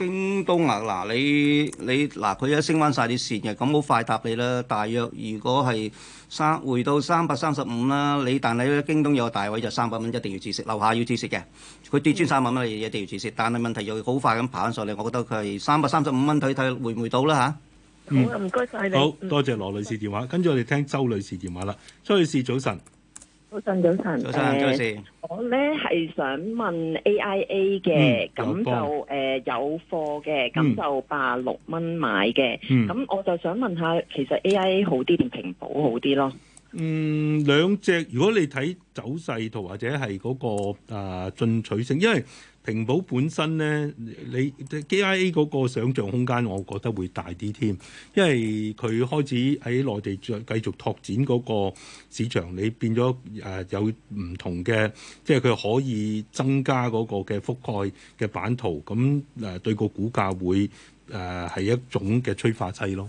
京東啊，嗱你你嗱佢一升翻晒啲線嘅咁好快答你啦。大約如果係三回到三百三十五啦，你但係咧京東有個大位就三百蚊一定要止蝕，樓下要止蝕嘅。佢跌穿三百蚊嘅嘢，嘢要止蝕，但係問題又好快咁爬翻上嚟，我覺得佢係三百三十五蚊睇睇回唔回到啦吓，啊、嗯，唔該曬你。好多謝羅女士電話，跟住我哋聽周女士電話啦。周女士早晨。早晨，早晨。早晨，早晨。我咧係想問 AIA 嘅，咁就誒有貨嘅，咁就八六蚊買嘅。咁我就想問下，其實 AIA 好啲定平保好啲咯？嗯，兩隻如果你睇走勢圖或者係嗰個誒進取性，因為。平保本身咧，你 GIA 嗰個想象空間我覺得會大啲添，因為佢開始喺內地再繼續拓展嗰個市場，你變咗誒、呃、有唔同嘅，即係佢可以增加嗰個嘅覆蓋嘅版圖，咁誒、呃、對個股價會誒係、呃、一種嘅催化劑咯。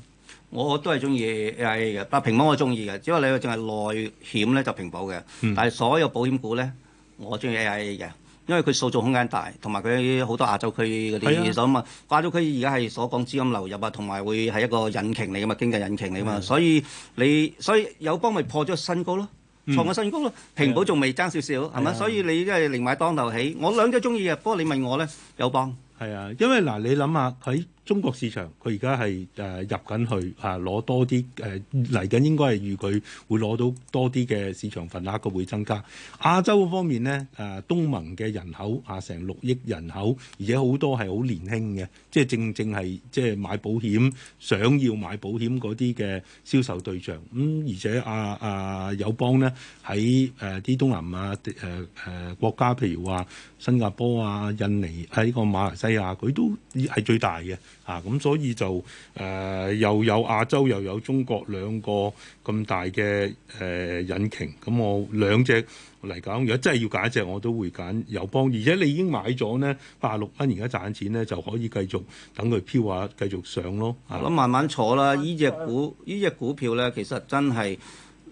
我都係中意 AIA 嘅，但平保我中意嘅，只不過你淨係內險咧就平保嘅，嗯、但係所有保險股咧，我中意 AIA 嘅。因為佢塑造空間大，同埋佢好多亞洲區嗰啲嘢，所以咁啊，亞洲區而家係所講資金流入啊，同埋會係一個引擎嚟噶嘛，經濟引擎嚟噶嘛，啊、所以你所以友邦咪破咗新高咯，創個新高咯，平保仲未爭少少係咪？所以你即係另外當頭起，我兩都中意嘅，不過你問我咧，友邦係啊，因為嗱，你諗下佢。中國市場佢而家係誒入緊去啊，攞多啲誒嚟緊，啊、應該係預計佢會攞到多啲嘅市場份額佢會增加。亞洲方面呢，誒、啊、東盟嘅人口啊，成六億人口，而且好多係好年輕嘅，即係正正係即係買保險、想要買保險嗰啲嘅銷售對象。咁、嗯、而且阿阿友邦呢，喺誒啲東南亞誒誒、呃呃、國家，譬如話新加坡啊、印尼喺、啊這個馬來西亞，佢都係最大嘅。啊，咁所以就誒、呃、又有亞洲又有中國兩個咁大嘅誒、呃、引擎，咁、啊、我兩隻嚟講。如果真係要揀一隻，我都會揀友邦。而且你已經買咗呢八十六蚊，而家賺錢呢，就可以繼續等佢飄下、啊，繼續上咯。啊、我諗慢慢坐啦，呢隻股、呢隻股票呢，其實真係。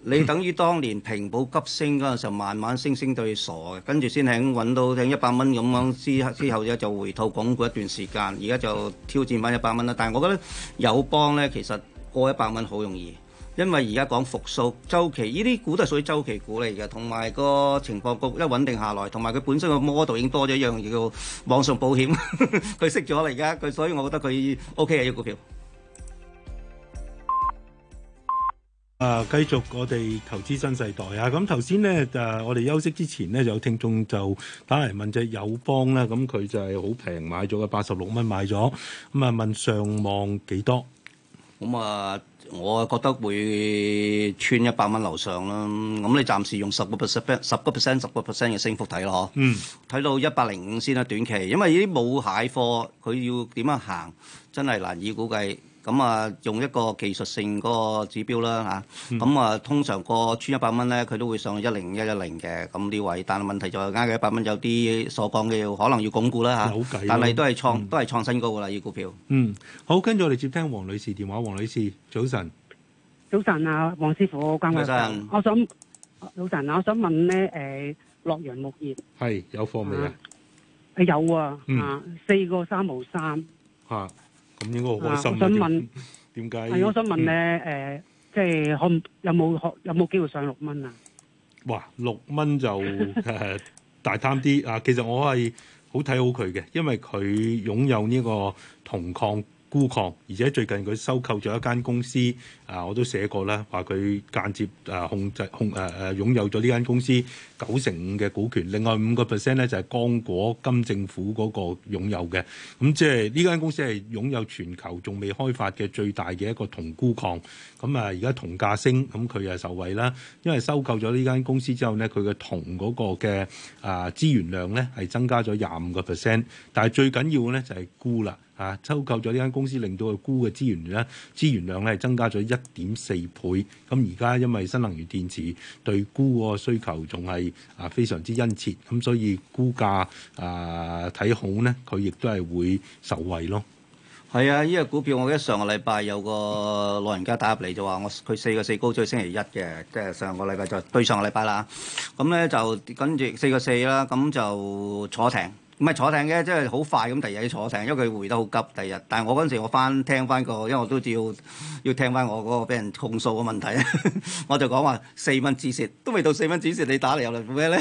嗯、你等於當年平保急升嗰陣時候，慢慢升升到傻嘅，跟住先肯咁揾到一百蚊咁樣之之後，之就回套鞏固一段時間。而家就挑戰翻一百蚊啦。但係我覺得友邦咧，其實過一百蚊好容易，因為而家講復甦周期，呢啲股都係屬於周期股嚟嘅。同埋個情況個一穩定下來，同埋佢本身個 model 已經多咗一樣嘢叫做網上保險，佢識咗啦。而家佢，所以我覺得佢 O K 嘅呢個股票。啊，繼續我哋投資新世代啊！咁頭先咧，誒，我哋休息之前咧，有聽眾就打嚟問隻友邦啦，咁佢就係好平買咗嘅八十六蚊買咗，咁啊問上望幾多？咁啊，我覺得會穿一百蚊樓上啦。咁你暫時用十個 percent、十個 percent、十個 percent 嘅升幅睇咯，嗯，睇到一百零五先啦，短期，因為呢啲冇蟹貨，佢要點樣行，真係難以估計。咁啊，用一個技術性嗰個指標啦嚇。咁啊，通常個穿一百蚊咧，佢都會上一零一一零嘅。咁呢位，但問題就係加嘅一百蚊有啲所講嘅要，可能要鞏固啦嚇。有計。但係都係創都係創新高噶啦，依股票。嗯，好，跟住我哋接聽黃女士電話。黃女士，早晨。早晨啊，黃師傅，關華。早晨。我想，早晨啊，我想問咧，誒，洛陽木業係有貨未啊？係有啊，啊，四個三毫三。嚇！咁應該好開心。係、啊，我想問咧，誒，即係可有冇可有冇機會上六蚊啊？哇，六蚊就、啊、 (laughs) 大貪啲啊！其實我係好睇好佢嘅，因為佢擁有呢個銅礦。鉬礦，而且最近佢收購咗一間公司，啊，我都寫過啦，話佢間接啊控制控誒誒擁有咗呢間公司九成五嘅股權，另外五個 percent 咧就係剛果金政府嗰個擁有嘅。咁即係呢間公司係擁有全球仲未開發嘅最大嘅一個銅鉬礦。咁啊，而家銅價升，咁佢又受惠啦。因為收購咗呢間公司之後咧，佢嘅銅嗰個嘅啊資源量咧係增加咗廿五個 percent，但係最緊要咧就係鉬啦。啊！收購咗呢間公司，令到佢鈷嘅資源咧資源量咧係增加咗一點四倍。咁而家因為新能源電池對鈷個需求仲係啊非常之殷切，咁、啊、所以鈷價啊睇好咧，佢亦都係會受惠咯。係啊！呢、這個股票我記得上個禮拜有個老人家打入嚟就話我佢四個四高咗喺星期一嘅，即係上個禮拜就對上個禮拜啦。咁咧就跟住四個四啦，咁就坐艇。唔係坐艇嘅，即係好快咁，第二日要坐艇，因為佢回得好急，第二日。但係我嗰陣時，我翻聽翻個，因為我都要要聽翻我嗰個俾人控訴嘅問題，我就講話四蚊止蝕，都未到四蚊止蝕，你打嚟入嚟做咩咧？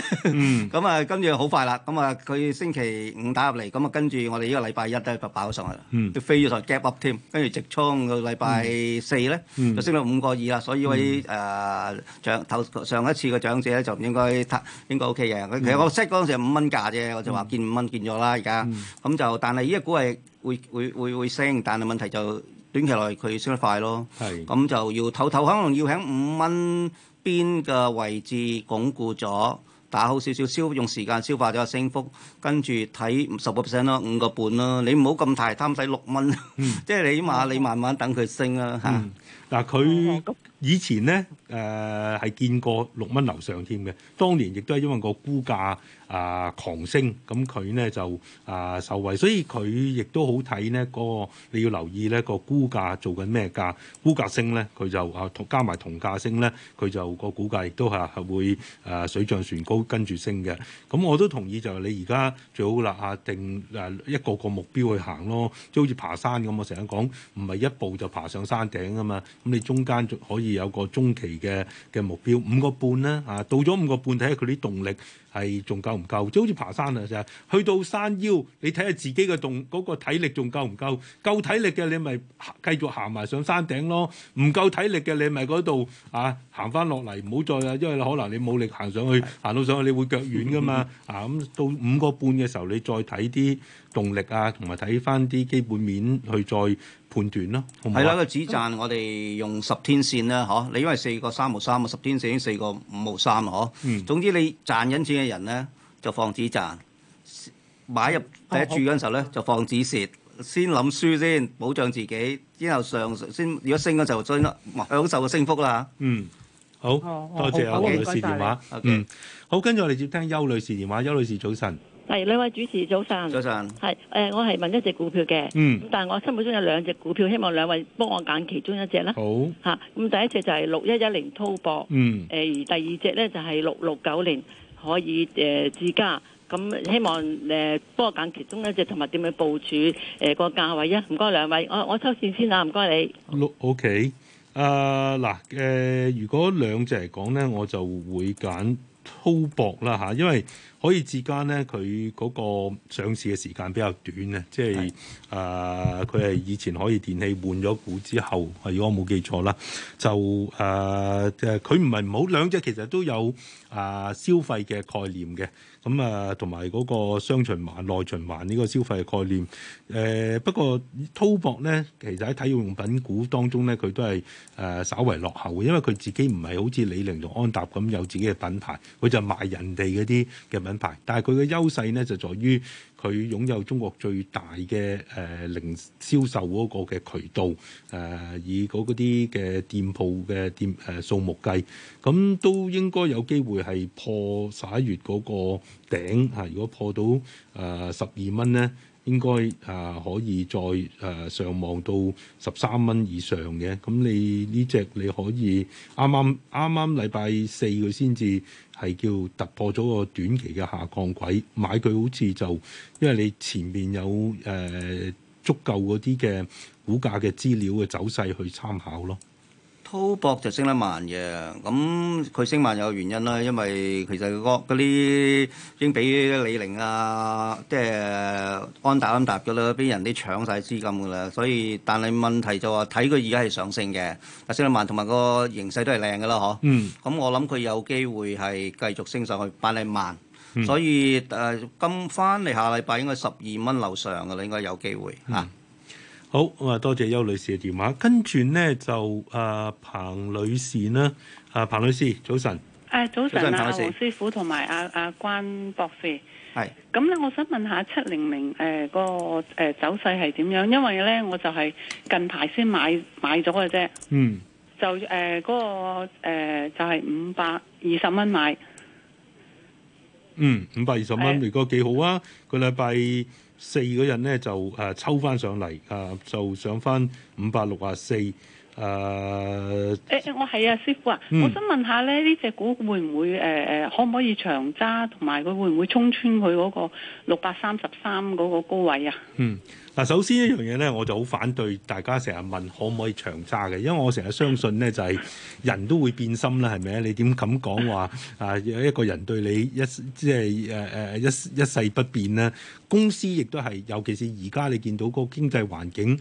咁啊，跟住好快啦，咁啊，佢星期五打入嚟，咁啊，跟住我哋依個禮拜一咧就爆咗上去，飛咗上 gap up 添，跟住直衝個禮拜四咧就升到五個二啦。所以喺誒長頭上一次個長者咧就應該應該 OK 嘅。其實我識嗰陣時係五蚊價啫，我就話見五蚊。見咗啦，而家咁就，但係依隻股係會會會會升，但係問題就短期內佢升得快咯。係是，咁就要透透，可能要喺五蚊邊個位置鞏固咗，打好少少消，用時間消化咗個升幅，跟住睇十個 percent 咯，五個半咯，你唔好咁大貪，使六蚊，即係起碼你慢慢等佢升啦嚇。嗯嗯嗱佢以前咧誒係見過六蚊樓上添嘅，當年亦都係因為個估價啊、呃、狂升，咁佢咧就啊、呃、受惠，所以佢亦都好睇呢嗰、嗰個你要留意咧、嗰個估價做緊咩價，估價升咧佢就啊同加埋同價升咧，佢就、嗰個估價亦都係係會誒水漲船高跟住升嘅。咁我都同意就係你而家最好立下定誒一個個目標去行咯，即係好似爬山咁我成日講唔係一步就爬上山頂啊嘛～咁你中間可以有個中期嘅嘅目標，五個半啦。嚇、啊，到咗五個半睇下佢啲動力係仲夠唔夠？即係好似爬山啊，就係去到山腰，你睇下自己嘅動嗰、嗰個體力仲夠唔夠？夠體力嘅你咪繼續行埋上山頂咯，唔夠體力嘅你咪嗰度啊行翻落嚟，唔好再啊，因為可能你冇力行上去，行 (laughs) 到上去你會腳軟噶嘛啊咁、嗯、到五個半嘅時候，你再睇啲動力啊，同埋睇翻啲基本面去再。判斷咯，係啦個止賺，我哋用十天線啦，嗬！你因為四個三毫三啊，十天線已經四個五毫三嗬！總之你賺緊錢嘅人咧，就放止賺；買入第一注嗰陣時候咧，就放止蝕。先諗輸先，保障自己，之後上先，如果升嗰陣就追，享受個升幅啦。嗯，好，多謝邱女士電話。嗯，好，跟住我哋接聽邱女士電話。邱女士早晨。係，兩位主持早晨，早晨係誒，我係問一隻股票嘅。嗯，但係我心目中有兩隻股票，希望兩位幫我揀其中一隻啦。好吓，咁第一隻就係六一一零滔博，嗯，誒，而第二隻咧就係六六九零可以誒自家，咁希望誒幫我揀其中一隻同埋點樣部署誒個價位啊？唔該兩位，我我收線先啦，唔該你。六 OK，啊嗱，誒，如果兩隻嚟講咧，我就會揀。粗薄啦吓，因為可以之間咧，佢嗰個上市嘅時間比較短啊，即係啊，佢、呃、係以前可以電器換咗股之後，如果我冇記錯啦，就誒誒，佢唔係唔好兩隻，其實都有啊、呃、消費嘅概念嘅。咁啊，同埋嗰個雙循環、內循環呢個消費概念，誒、呃、不過滔博咧，其實喺體育用品股當中咧，佢都係誒、呃、稍為落後嘅，因為佢自己唔係好似李寧同安踏咁有自己嘅品牌，佢就賣人哋嗰啲嘅品牌，但係佢嘅優勢咧就在於，佢擁有中國最大嘅誒、呃、零銷售嗰個嘅渠道，誒、呃、以嗰啲嘅店鋪嘅店誒、呃、數目計，咁都應該有機會係破十一月嗰個頂，啊、如果破到誒十二蚊咧。呃應該啊、呃、可以再誒、呃、上望到十三蚊以上嘅，咁你呢隻、這個、你可以啱啱啱啱禮拜四佢先至係叫突破咗個短期嘅下降軌，買佢好似就因為你前面有誒、呃、足夠嗰啲嘅股價嘅資料嘅走勢去參考咯。滔搏就升得慢嘅，咁佢升慢有原因啦，因為其實個嗰啲已經俾李寧啊，即係安踏、安踏嘅啦，俾人哋搶晒資金嘅啦，所以但係問題就話睇佢而家係上升嘅，啊升得慢同埋個形勢都係靚嘅啦，嗬。嗯。咁我諗佢有機會係繼續升上去百零萬，嗯、所以誒咁翻嚟下禮拜應該十二蚊樓上嘅啦，應該有機會。嚇、嗯。啊好，我多謝邱女士嘅電話，跟住呢，就阿、啊、彭女士啦，阿、啊、彭女士早晨，誒早晨啊黃晨師傅同埋阿阿關博士，係咁咧，我想問下七零零誒嗰個誒走勢係點樣？因為咧我就係近排先買買咗嘅啫，嗯，就誒嗰、呃嗰個誒、呃、就係五百二十蚊買，嗯，五百二十蚊如果幾好啊，個禮拜。四嗰日咧就誒、呃、抽翻上嚟，啊、呃，就上翻五百六啊四。誒，誒、uh, 哎，我係啊，師傅啊，嗯、我想問下咧，呢隻股會唔會誒誒、呃，可唔可以長揸？同埋佢會唔會沖穿佢嗰個六百三十三嗰個高位啊？嗯，嗱，首先一樣嘢咧，我就好反對大家成日問可唔可以長揸嘅，因為我成日相信咧，就係人都會變心啦，係咪啊？你點敢講話啊？一個人對你一即係誒誒一一,一世不變咧？公司亦都係，尤其是而家你見到嗰經濟環境。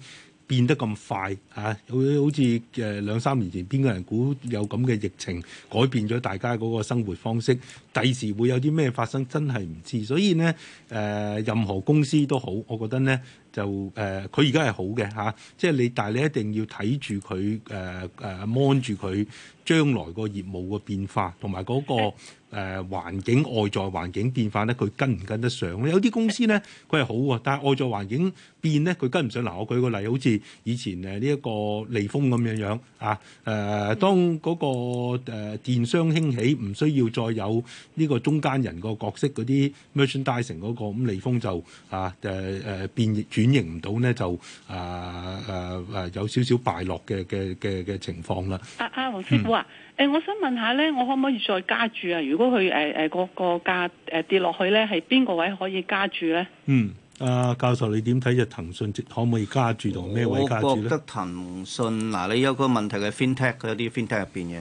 變得咁快嚇、啊，好似誒、呃、兩三年前邊個人估有咁嘅疫情，改變咗大家嗰個生活方式。第時會有啲咩發生，真係唔知。所以咧誒、呃，任何公司都好，我覺得咧就誒，佢而家係好嘅嚇，即係你，但係你一定要睇住佢誒誒 mon 住佢將來個業務個變化同埋嗰個。誒、呃、環境外在環境變化咧，佢跟唔跟得上咧？有啲公司咧，佢係好喎、啊，但係外在環境變咧，佢跟唔上。嗱、啊，我舉個例，好似以前誒呢一個利豐咁樣樣啊。誒，當嗰個誒電商興起，唔需要再有呢個中間人個角色嗰啲 merchan、那、dising 嗰個咁，利、嗯、豐就啊誒誒變轉型唔到咧，就啊啊啊有少少敗落嘅嘅嘅嘅情況啦。阿阿黃師傅啊！嗯誒，我想問下咧，我可唔可以再加注啊？如果佢誒誒嗰個價、呃、跌落去咧，係邊個位可以加注咧？嗯，啊教授，你點睇嘅騰訊可唔可以加注同咩位加注咧？我覺得騰訊嗱、啊，你有個問題係 FinTech 佢有啲 FinTech 入邊嘅，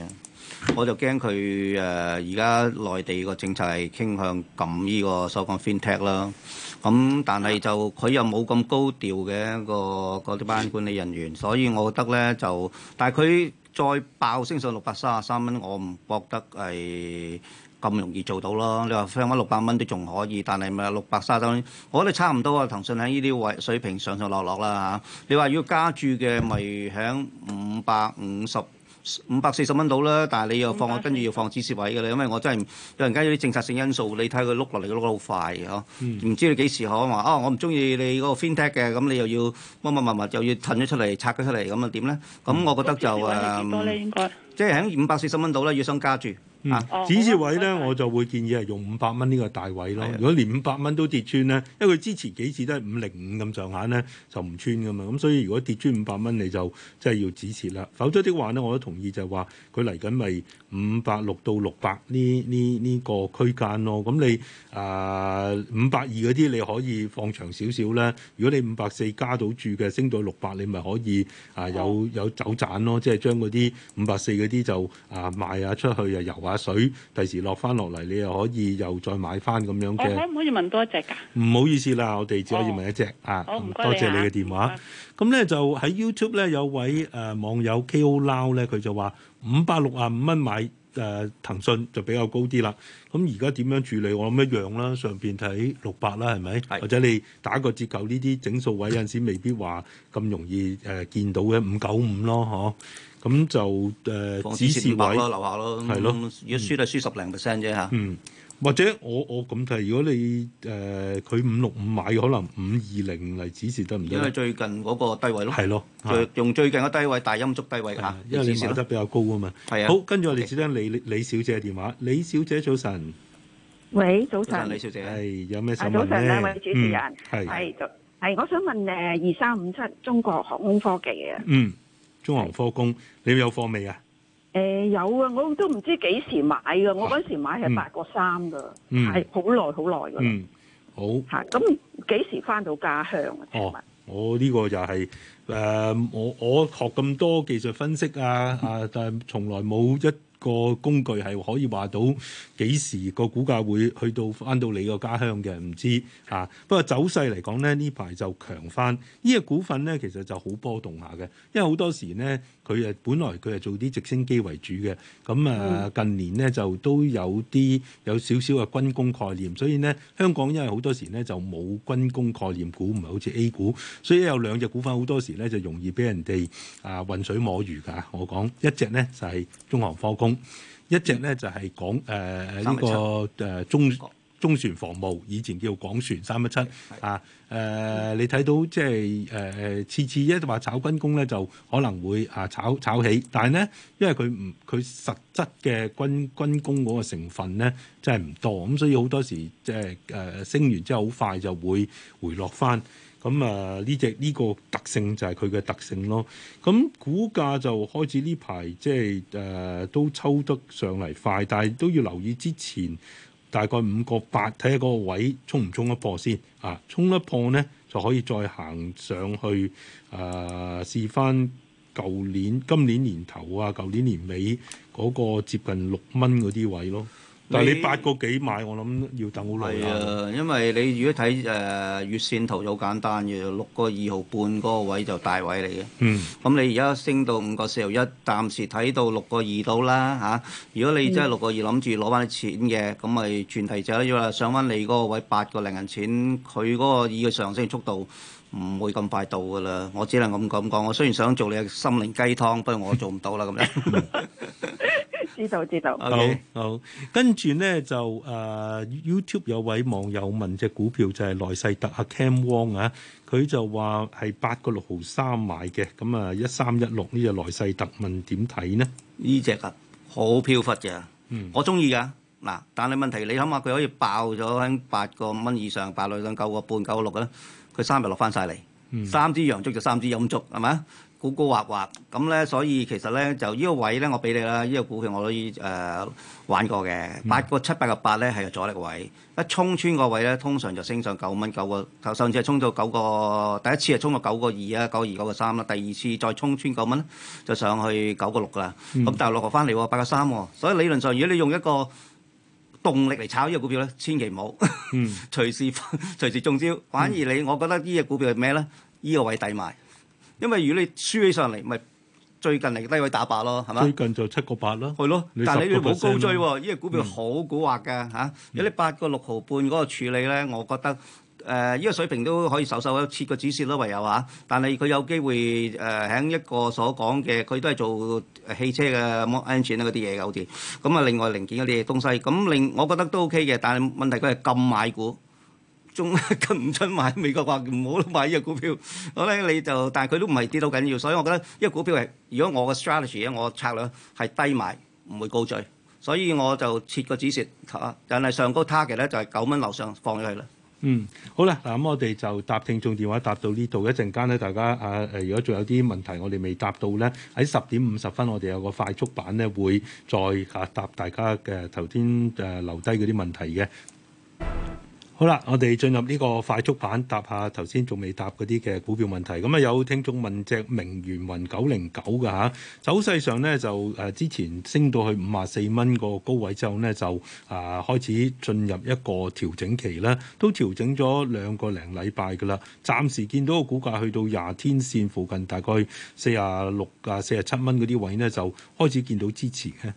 我就驚佢誒而家內地個政策係傾向撳呢個所講 FinTech 啦。咁、嗯、但係就佢又冇咁高調嘅、嗰個嗰啲班管理人員，所以我覺得咧就，但係佢。再爆升上六百三十三蚊，我唔覺得係咁容易做到咯。你話翻翻六百蚊都仲可以，但係咪六百三十三蚊？我覺得差唔多啊。騰訊喺呢啲位水平上上落落啦吓，你話要加注嘅咪響五百五十。五百四十蚊到啦，但係你又放跟住白要放止蝕位嘅啦，因為我真係，有陣間有啲政策性因素，你睇佢碌落嚟，碌得好快嘅嗬，唔知你幾時可話啊、哦？我唔中意你嗰個 fin tech 嘅，咁你又要乜乜物物又要褪咗出嚟，拆咗出嚟，咁啊點咧？咁我覺得就誒，即係喺五百四十蚊度啦，要想加住。啊、指嗯，止蝕位咧，我就會建議係用五百蚊呢個大位咯。的如果連五百蚊都跌穿咧，因為佢之前幾次都係五零五咁上下咧，就唔穿噶嘛。咁所以如果跌穿五百蚊，你就即係要止蝕啦。否則的話咧，我都同意就係話佢嚟緊咪五百六到六百呢呢呢個區間咯。咁你啊五百二嗰啲你可以放長少少咧。如果你五百四加到住嘅升到六百，你咪可以啊有有走賺咯，即係將嗰啲五百四嗰啲就啊賣啊出去啊遊把水，第時落翻落嚟，你又可以又再買翻咁樣嘅。可唔可以問多一隻噶？唔好意思啦，我哋只可以問一隻、哦、啊。唔該好多謝你嘅電話。咁咧、啊、就喺 YouTube 咧有位誒、呃、網友 Ko Lau 咧，佢就話五百六啊五蚊買誒、呃、騰訊就比較高啲啦。咁而家點樣處理？我諗一樣啦，上邊睇六百啦，係咪？是或者你打個折扣呢啲整數位 (laughs) 有陣時未必話咁容易誒見到嘅五九五咯，呵。咁就誒指示位咯，樓下咯，如果輸係輸十零 percent 啫吓。嗯，或者我我咁睇。如果你誒佢五六五買，可能五二零嚟指示得唔得？因為最近嗰個低位咯。係咯，用最近嘅低位大陰燭低位吓，因為你買得比較高啊嘛。係啊，好，跟住我哋接聽李李小姐嘅電話。李小姐早晨，喂，早晨，李小姐，係有咩新聞咧？早晨兩位主持人，係係，我想問誒二三五七中國航空科技啊。嗯。中航科工，你有貨未啊？誒、呃，有啊，我都唔知幾時買噶，啊、我嗰時買係八個三噶，係好耐好耐噶。嗯，好。係咁幾時翻到家鄉啊？哦，我呢、哦這個就係、是、誒、呃，我我學咁多技術分析啊 (laughs) 啊，但係從來冇一。個工具係可以話到幾時個股價會去到翻到你個家鄉嘅，唔知嚇、啊。不過走勢嚟講咧，呢排就強翻。呢個股份咧，其實就好波動下嘅，因為好多時呢，佢誒本來佢係做啲直升機為主嘅，咁誒、啊、近年呢，就都有啲有少少嘅軍工概念，所以呢，香港因為好多時呢就冇軍工概念股，唔係好似 A 股，所以有兩隻股份好多時呢就容易俾人哋啊混水摸魚㗎。我講一隻呢，就係、是、中航科工。一隻咧就係講誒呢個誒中中船防務，以前叫港船三一七啊誒、呃，你睇到即係誒次次一話炒軍工咧，就可能會啊炒炒起，但係咧因為佢唔佢實質嘅軍軍工嗰個成分咧真係唔多，咁所以好多時即係誒升完之後好快就會回落翻。咁啊，呢隻呢個特性就係佢嘅特性咯。咁、嗯、股價就開始呢排即係誒、呃、都抽得上嚟快，但係都要留意之前大概五個八睇下個位衝唔衝得破先啊！衝得破咧就可以再行上去啊，試翻舊年今年年頭啊，舊年年尾嗰、嗰個接近六蚊嗰啲位咯。但係你八個幾買，我諗要等好耐啊，因為你如果睇誒、呃、月線圖就好簡單嘅，六個二毫半嗰個位就大位嚟嘅。嗯。咁你而家升到五個四毫一，暫時睇到六個二到啦嚇、啊。如果你真係六個二諗住攞翻啲錢嘅，咁咪前提就係話上翻你嗰個位八個零銀錢，佢嗰個二嘅上升速度唔會咁快到㗎啦。我只能咁講。我雖然想做你嘅心靈雞湯，不過我做唔到啦咁樣。嗯 (laughs) 知道知道。知道 okay，好，好，跟住咧就誒、uh, YouTube 有位網友問隻股票就係耐世特啊 Cam Wong 啊，佢就話係八個六毫三買嘅。咁啊一三一六呢隻耐世特問點睇呢？呢隻啊，好飄忽嘅，嗯，我中意噶，嗱，但係問題你諗下佢可以爆咗喺八個五蚊以上，八六上九個半九個六咧，佢三日落翻晒嚟，嗯、三支陽燭就三支陰燭，係咪？古古惑惑咁咧，所以其實咧就呢個位咧，我俾你啦。呢個股票我都誒、呃、玩過嘅，八個七八個八咧係個阻力位，一衝穿個位咧，通常就升上九蚊九個，甚至係衝到九個。第一次係衝到九個二啊，九二九個三啦，第二次再衝穿九蚊，就上去九個六啦。咁、嗯、但係落後翻嚟喎，八個三喎。所以理論上，如果你用一個動力嚟炒呢個股票咧，千祈唔好，隨、嗯、 (laughs) 時隨時中招。反而你，嗯、我覺得呢隻股票係咩咧？呢、這個位抵埋。因為如果你輸起上嚟，咪、就是、最近嚟低位打靶咯，係嘛？最近就七個八啦。係咯的，但係你哋冇高追喎，依個、嗯、股票好古惑㗎嚇。如果你八個六毫半嗰個處理咧，我覺得誒依個水平都可以守守切個止蝕咯，唯有啊，但係佢有機會誒喺、呃、一個所講嘅，佢都係做汽車嘅安全嗰啲嘢嘅，好似咁啊。另外零件嗰啲東西，咁另我覺得都 OK 嘅，但係問題佢係禁買股。仲跟唔準買？美國話唔好買依隻股票，我咧你就，但係佢都唔係跌到緊要，所以我覺得依個股票係，如果我個 strategy 咧，我策略係低買唔會高追，所以我就設個止蝕，但係上高 target 咧就係九蚊樓上放咗佢啦。嗯，好啦，嗱咁我哋就答聽眾電話答到呢度，一陣間咧大家啊誒，如果仲有啲問題我哋未答到咧，喺十點五十分我哋有個快速版咧會再答答大家嘅頭先誒留低嗰啲問題嘅。好啦，我哋進入呢個快速版，答下頭先仲未答嗰啲嘅股票問題。咁啊，有聽眾問隻明源雲九零九㗎吓，走勢上咧就誒之前升到去五十四蚊個高位之後咧就啊開始進入一個調整期啦，都調整咗兩個零禮拜噶啦。暫時見到個股價去到廿天線附近，大概四十六四十七蚊嗰啲位咧就開始見到支持嘅。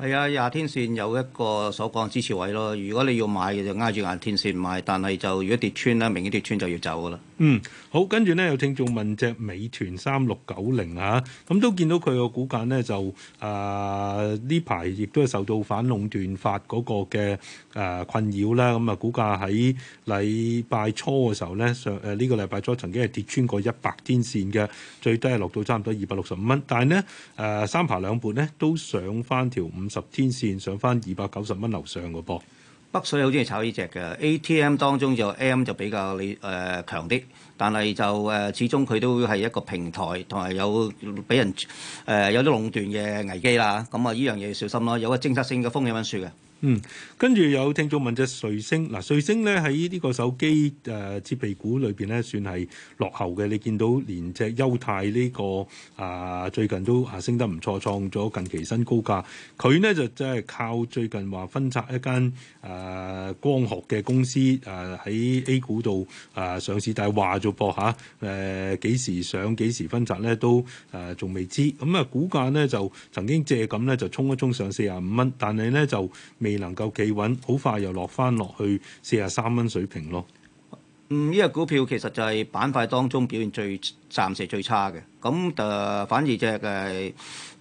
係啊，廿天線有一個所講嘅支持位咯。如果你要買嘅就挨住廿天線買，但係就如果跌穿啦，明顯跌穿就要走㗎啦。嗯，好，跟住咧有聽眾問隻美團三六九零嚇，咁都見到佢個股價咧就誒呢排亦都係受到反壟斷法嗰個嘅誒困擾啦。咁啊股價喺禮拜初嘅時候咧上誒呢、啊這個禮拜初曾經係跌穿過一百天線嘅，最低係落到差唔多二百六十五蚊。但係呢，誒、啊、三爬兩撥咧都上翻條五。十天線上翻二百九十蚊樓上嘅波，北水好中意炒呢隻嘅，A T M 當中就 M 就比較你誒、呃、強啲，但係就誒、呃、始終佢都係一個平台，同埋有俾人誒、呃、有啲壟斷嘅危機啦，咁啊呢樣嘢要小心咯，有個政策性嘅風險因素嘅。嗯，跟住有聽眾問隻瑞星，嗱、啊、瑞星咧喺呢個手機誒、呃、設備股裏邊咧算係落後嘅。你見到連隻優泰呢、呢個啊、呃、最近都啊升得唔錯，創咗近期新高價。佢咧就真係靠最近話分拆一間誒、呃、光學嘅公司誒喺、呃、A 股度啊、呃、上市，但係話咗噃。嚇誒幾時上幾時分拆咧都誒仲、呃、未知。咁、嗯、啊股價咧就曾經借咁咧就衝一衝上四十五蚊，但係咧就未。未能夠企穩，好快又落翻落去四十三蚊水平咯。嗯，呢隻股票其實就係板塊當中表現最暫時最差嘅。咁誒，反而隻誒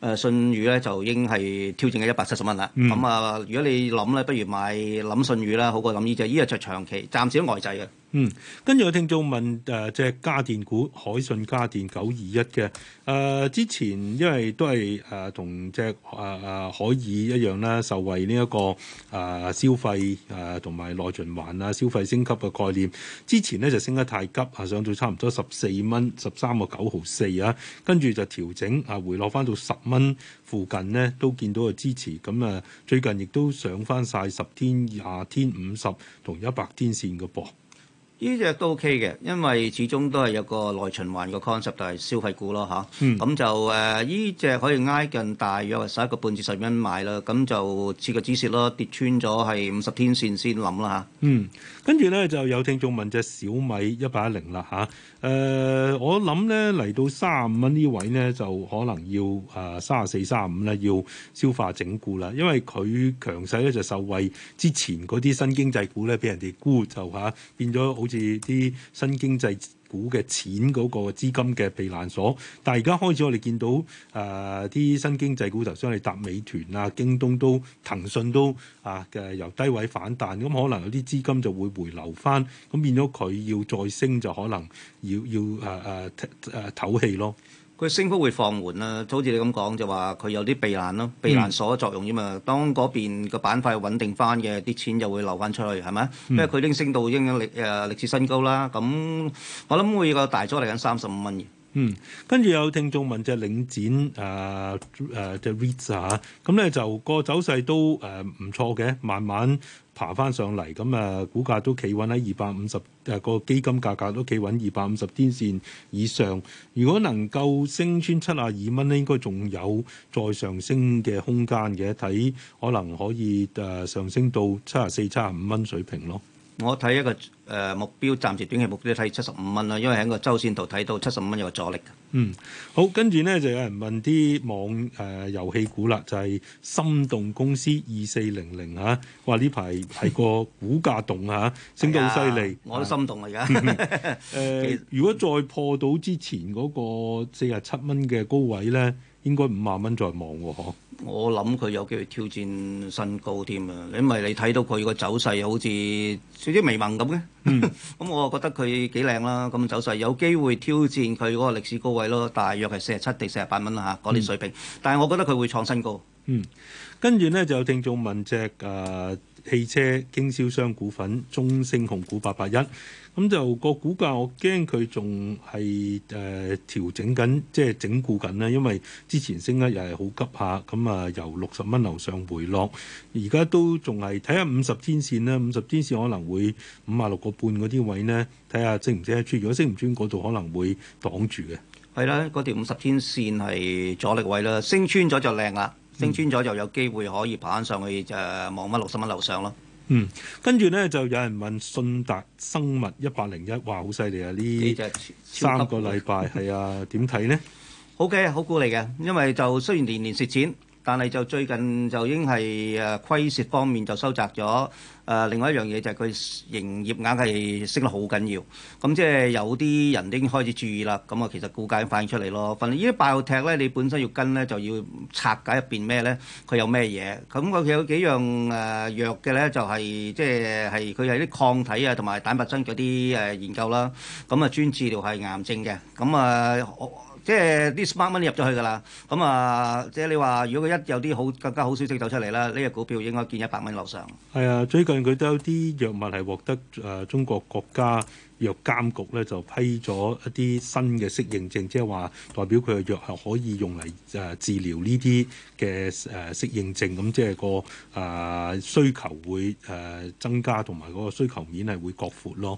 誒信譽咧就應係挑戰緊一百七十蚊啦。咁、嗯、啊，如果你諗咧，不如買諗信譽啦，好過諗呢隻。呢隻長長期暫時都呆滯嘅。嗯，跟住有聽眾問誒，隻、呃、家電股海信家電九二一嘅誒，之前因為都係誒同隻誒誒海爾一樣啦，受惠呢、這、一個誒消費誒同埋內循環啊，消費、呃、升級嘅概念。之前咧就升得太急啊，上到差唔多十四蚊十三個九毫四啊，跟住就調整啊，回落翻到十蚊附近咧，都見到個支持咁啊。最近亦都上翻晒十天、廿天、五十同一百天線嘅噃。呢隻都 OK 嘅，因為始終都係有個內循環嘅 concept，就係、是、消費股咯嚇。咁、嗯、就誒，呢、呃、只可以挨近大約十一個半至十蚊買啦。咁就設個止蝕咯，跌穿咗係五十天線先諗啦吓。嗯。跟住咧，就有聽眾問隻小米一八一零啦嚇。誒、啊，我諗咧嚟到三十五蚊呢位咧，就可能要啊三十四、三十五咧，要消化整固啦。因為佢強勢咧就受惠之前嗰啲新經濟股咧，俾人哋沽就嚇、啊，變咗好似啲新經濟。股嘅錢嗰個資金嘅避難所，但係而家開始我哋見到誒啲、呃、新經濟股頭先，我哋搭美團啊、京東都、騰訊都啊嘅、呃呃、由低位反彈，咁、嗯、可能有啲資金就會回流翻，咁變咗佢要再升就可能要要誒誒誒唞氣咯。佢升幅會放緩啦，就好似你咁講就話佢有啲避難咯，避難所嘅作用啫嘛。當嗰邊個板塊穩定翻嘅，啲錢就會流翻出去，係咪？嗯、因為佢已經升到已經歷誒歷史新高啦。咁我諗會個大咗嚟緊三十五蚊嘅。嗯，跟住有聽眾問隻領展誒誒即係 REITs 嚇，咁咧就個走勢都誒唔錯嘅，慢慢。爬翻上嚟，咁啊，股價都企穩喺二百五十，誒個基金價格都企穩二百五十天線以上。如果能夠升穿七啊二蚊咧，應該仲有再上升嘅空間嘅，睇可能可以誒上升到七啊四、七啊五蚊水平咯。我睇一個誒目標，暫時短期目標都睇七十五蚊啦，因為喺個周線圖睇到七十五蚊有個阻力。嗯，好，跟住咧就有人問啲網誒、呃、遊戲股啦，就係、是、心動公司二四零零嚇，話呢排係個股價動嚇、啊，升到好犀利。我都心動啊而家。誒，如果再破到之前嗰個四十七蚊嘅高位咧？應該五萬蚊在望喎，我諗佢有機會挑戰新高添啊，因為你睇到佢個走勢又好似少啲微盟咁嘅，咁、嗯、 (laughs) 我覺得佢幾靚啦，咁走勢有機會挑戰佢嗰個歷史高位咯，大約係四十七定四十八蚊啦嚇，嗰、啊、啲水平。嗯、但係我覺得佢會創新高。嗯，跟住呢，就有聽眾問隻誒。啊汽車經銷商股份中升控股八八一，咁就個股價我驚佢仲係誒調整緊，即係整固緊啦。因為之前升得又係好急下，咁啊由六十蚊樓上回落，而家都仲係睇下五十天線啦。五十天線可能會五啊六個半嗰啲位呢，睇下升唔升得穿。如果升唔穿嗰度可能會擋住嘅。係啦，嗰條五十天線係阻力位啦，升穿咗就靚啦。升穿咗就有機會可以爬上去誒，望翻六十蚊樓上咯。嗯，跟住咧就有人問信達生物一百零一，話好犀利啊！呢三個禮拜係啊，點睇呢？好嘅，好鼓勵嘅，因為就雖然年年蝕錢。但係就最近就已經係誒、啊、虧蝕方面就收窄咗。誒、啊、另外一樣嘢就係佢營業額係升得好緊要。咁即係有啲人都已經開始注意啦。咁啊其實股價已經反映出嚟咯。反正呢啲 Biotech 咧，你本身要跟咧就要拆解入邊咩咧？佢有咩嘢？咁佢有幾樣誒藥嘅咧，就係即係係佢係啲抗體啊，同埋蛋白質嗰啲誒研究啦、啊。咁啊專治療係癌症嘅。咁啊。即係啲 smart money 入咗去㗎啦，咁啊，即係你話，如果佢一有啲好更加好消息走出嚟啦，呢個股票應該見一百蚊樓上。係啊，最近佢都有啲藥物係獲得誒、呃、中國國家藥監局咧，就批咗一啲新嘅適應症，即係話代表佢嘅藥效可以用嚟誒、呃、治療呢啲嘅誒適應症，咁即係個誒、呃、需求會誒增加，同埋嗰個需求面係會擴闊咯。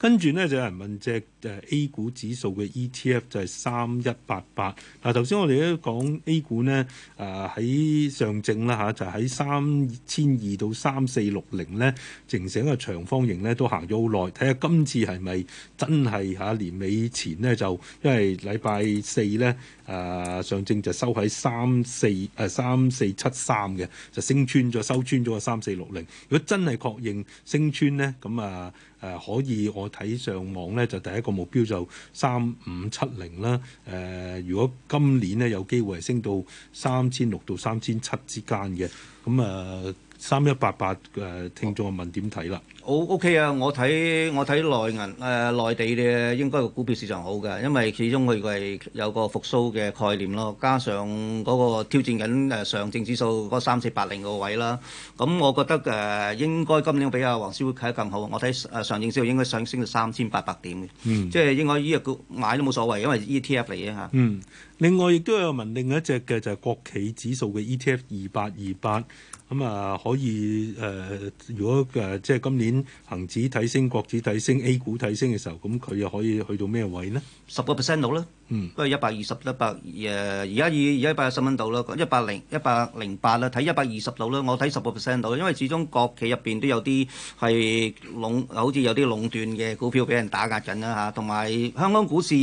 跟住咧就有人問隻誒 A 股指數嘅 ETF 就係三一八八。嗱，頭先我哋都講 A 股咧，誒、呃、喺上證啦嚇、啊，就喺三千二到三四六零咧，形成一個長方形咧，都行咗好耐。睇下今次係咪真係嚇、啊、年尾前咧就，因為禮拜四咧誒、啊、上證就收喺三四誒三四七三嘅，就升穿咗收穿咗個三四六零。如果真係確認升穿咧，咁啊～誒、呃、可以，我睇上網咧，就第一個目標就三五七零啦。誒，如果今年咧有機會係升到三千六到三千七之間嘅，咁、嗯、啊～、呃三一八八嘅聽眾問點睇啦？好、oh, OK 啊！我睇我睇內銀誒、呃、內地嘅應該個股票市場好嘅，因為始終佢係有個復甦嘅概念咯。加上嗰個挑戰緊誒、呃、上證指數嗰三四八零個位啦。咁我覺得誒、呃、應該今年比阿黃師傅睇得更好。我睇誒上證指數應該上升到三千八百點嘅，嗯、即係應該依個買都冇所謂，因為 E T F 嚟嘅嚇。嗯，另外亦都有問另外一隻嘅就係、是、國企指數嘅 E T F 二八二八。咁啊、嗯，可以誒、呃？如果誒、呃，即係今年恒指睇升、國指睇升、A 股睇升嘅時候，咁佢又可以去到咩位咧？十個 percent 到啦。嗯，都係一百二十、一百誒，而家以而家一百一十蚊度啦，一百零一百零八啦，睇一百二十度啦。我睇十個 percent 度，因為始終國企入邊都有啲係壟，好似有啲壟斷嘅股票俾人打壓緊啦嚇。同埋香港股市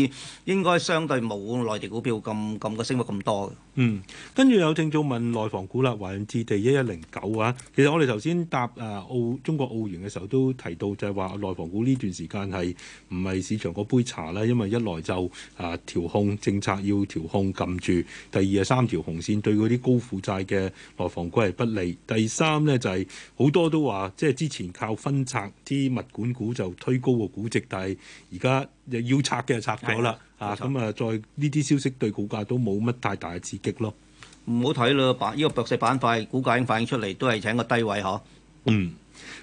應該相對冇內地股票咁咁嘅升幅咁多。嗯，跟住有正組問內房股啦，華潤置地一一零九啊。其實我哋頭先答誒澳中國澳元嘅時候都提到就係話內房股呢段時間係唔係市場嗰杯茶啦，因為一來就誒。調控政策要調控撳住，第二係三條紅線對嗰啲高負債嘅內房股係不利。第三呢，就係、是、好多都話，即係之前靠分拆啲物管股就推高個估值，但係而家要拆嘅就拆咗啦啊，咁啊，再呢啲消息對股價都冇乜太大嘅刺激咯。唔好睇咯，板、這、呢個白石板塊股價已經反映出嚟，都係請個低位嗬。嗯。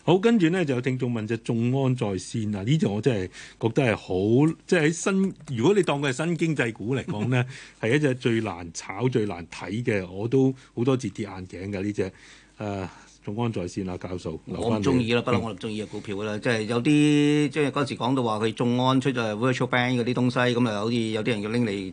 好，跟住咧就有聽眾問隻眾安在線啊！呢隻我真係覺得係好，即係喺新如果你當佢係新經濟股嚟講咧，係 (laughs) 一隻最難炒、最難睇嘅，我都好多次跌眼鏡嘅呢隻誒。眾安在線啊，教授，我唔中意啦，不嬲我都中意嘅股票啦、嗯，即係有啲即係嗰時講到話佢眾安出咗 virtual bank 嗰啲東西，咁啊好似有啲人要拎嚟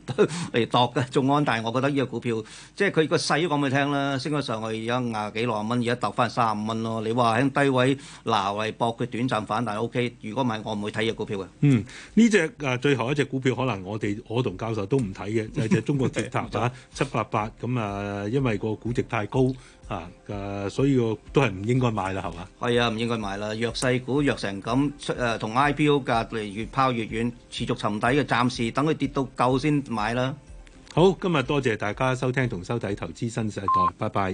嚟度嘅眾安，但係我覺得呢個股票，即係佢個勢都講俾你聽啦，升咗上去而家廿幾、六十蚊，而家跌翻三十五蚊咯。你話喺低位嗱嚟博佢短暫反彈 O K，如果唔係我唔會睇呢個股票嘅。嗯，呢隻啊最後一隻股票可能我哋我同教授都唔睇嘅，就係、是、隻中國鐵塔啊，七八八咁啊，因為個估值太高。啊，誒，所以我都係唔應該買啦，係嘛？係啊，唔應該買啦。弱勢股弱成咁，誒，同 IPO 價離越拋越遠，持續沉底嘅，暫時等佢跌到夠先買啦。好，今日多謝大家收聽同收睇《投資新世代》，拜拜。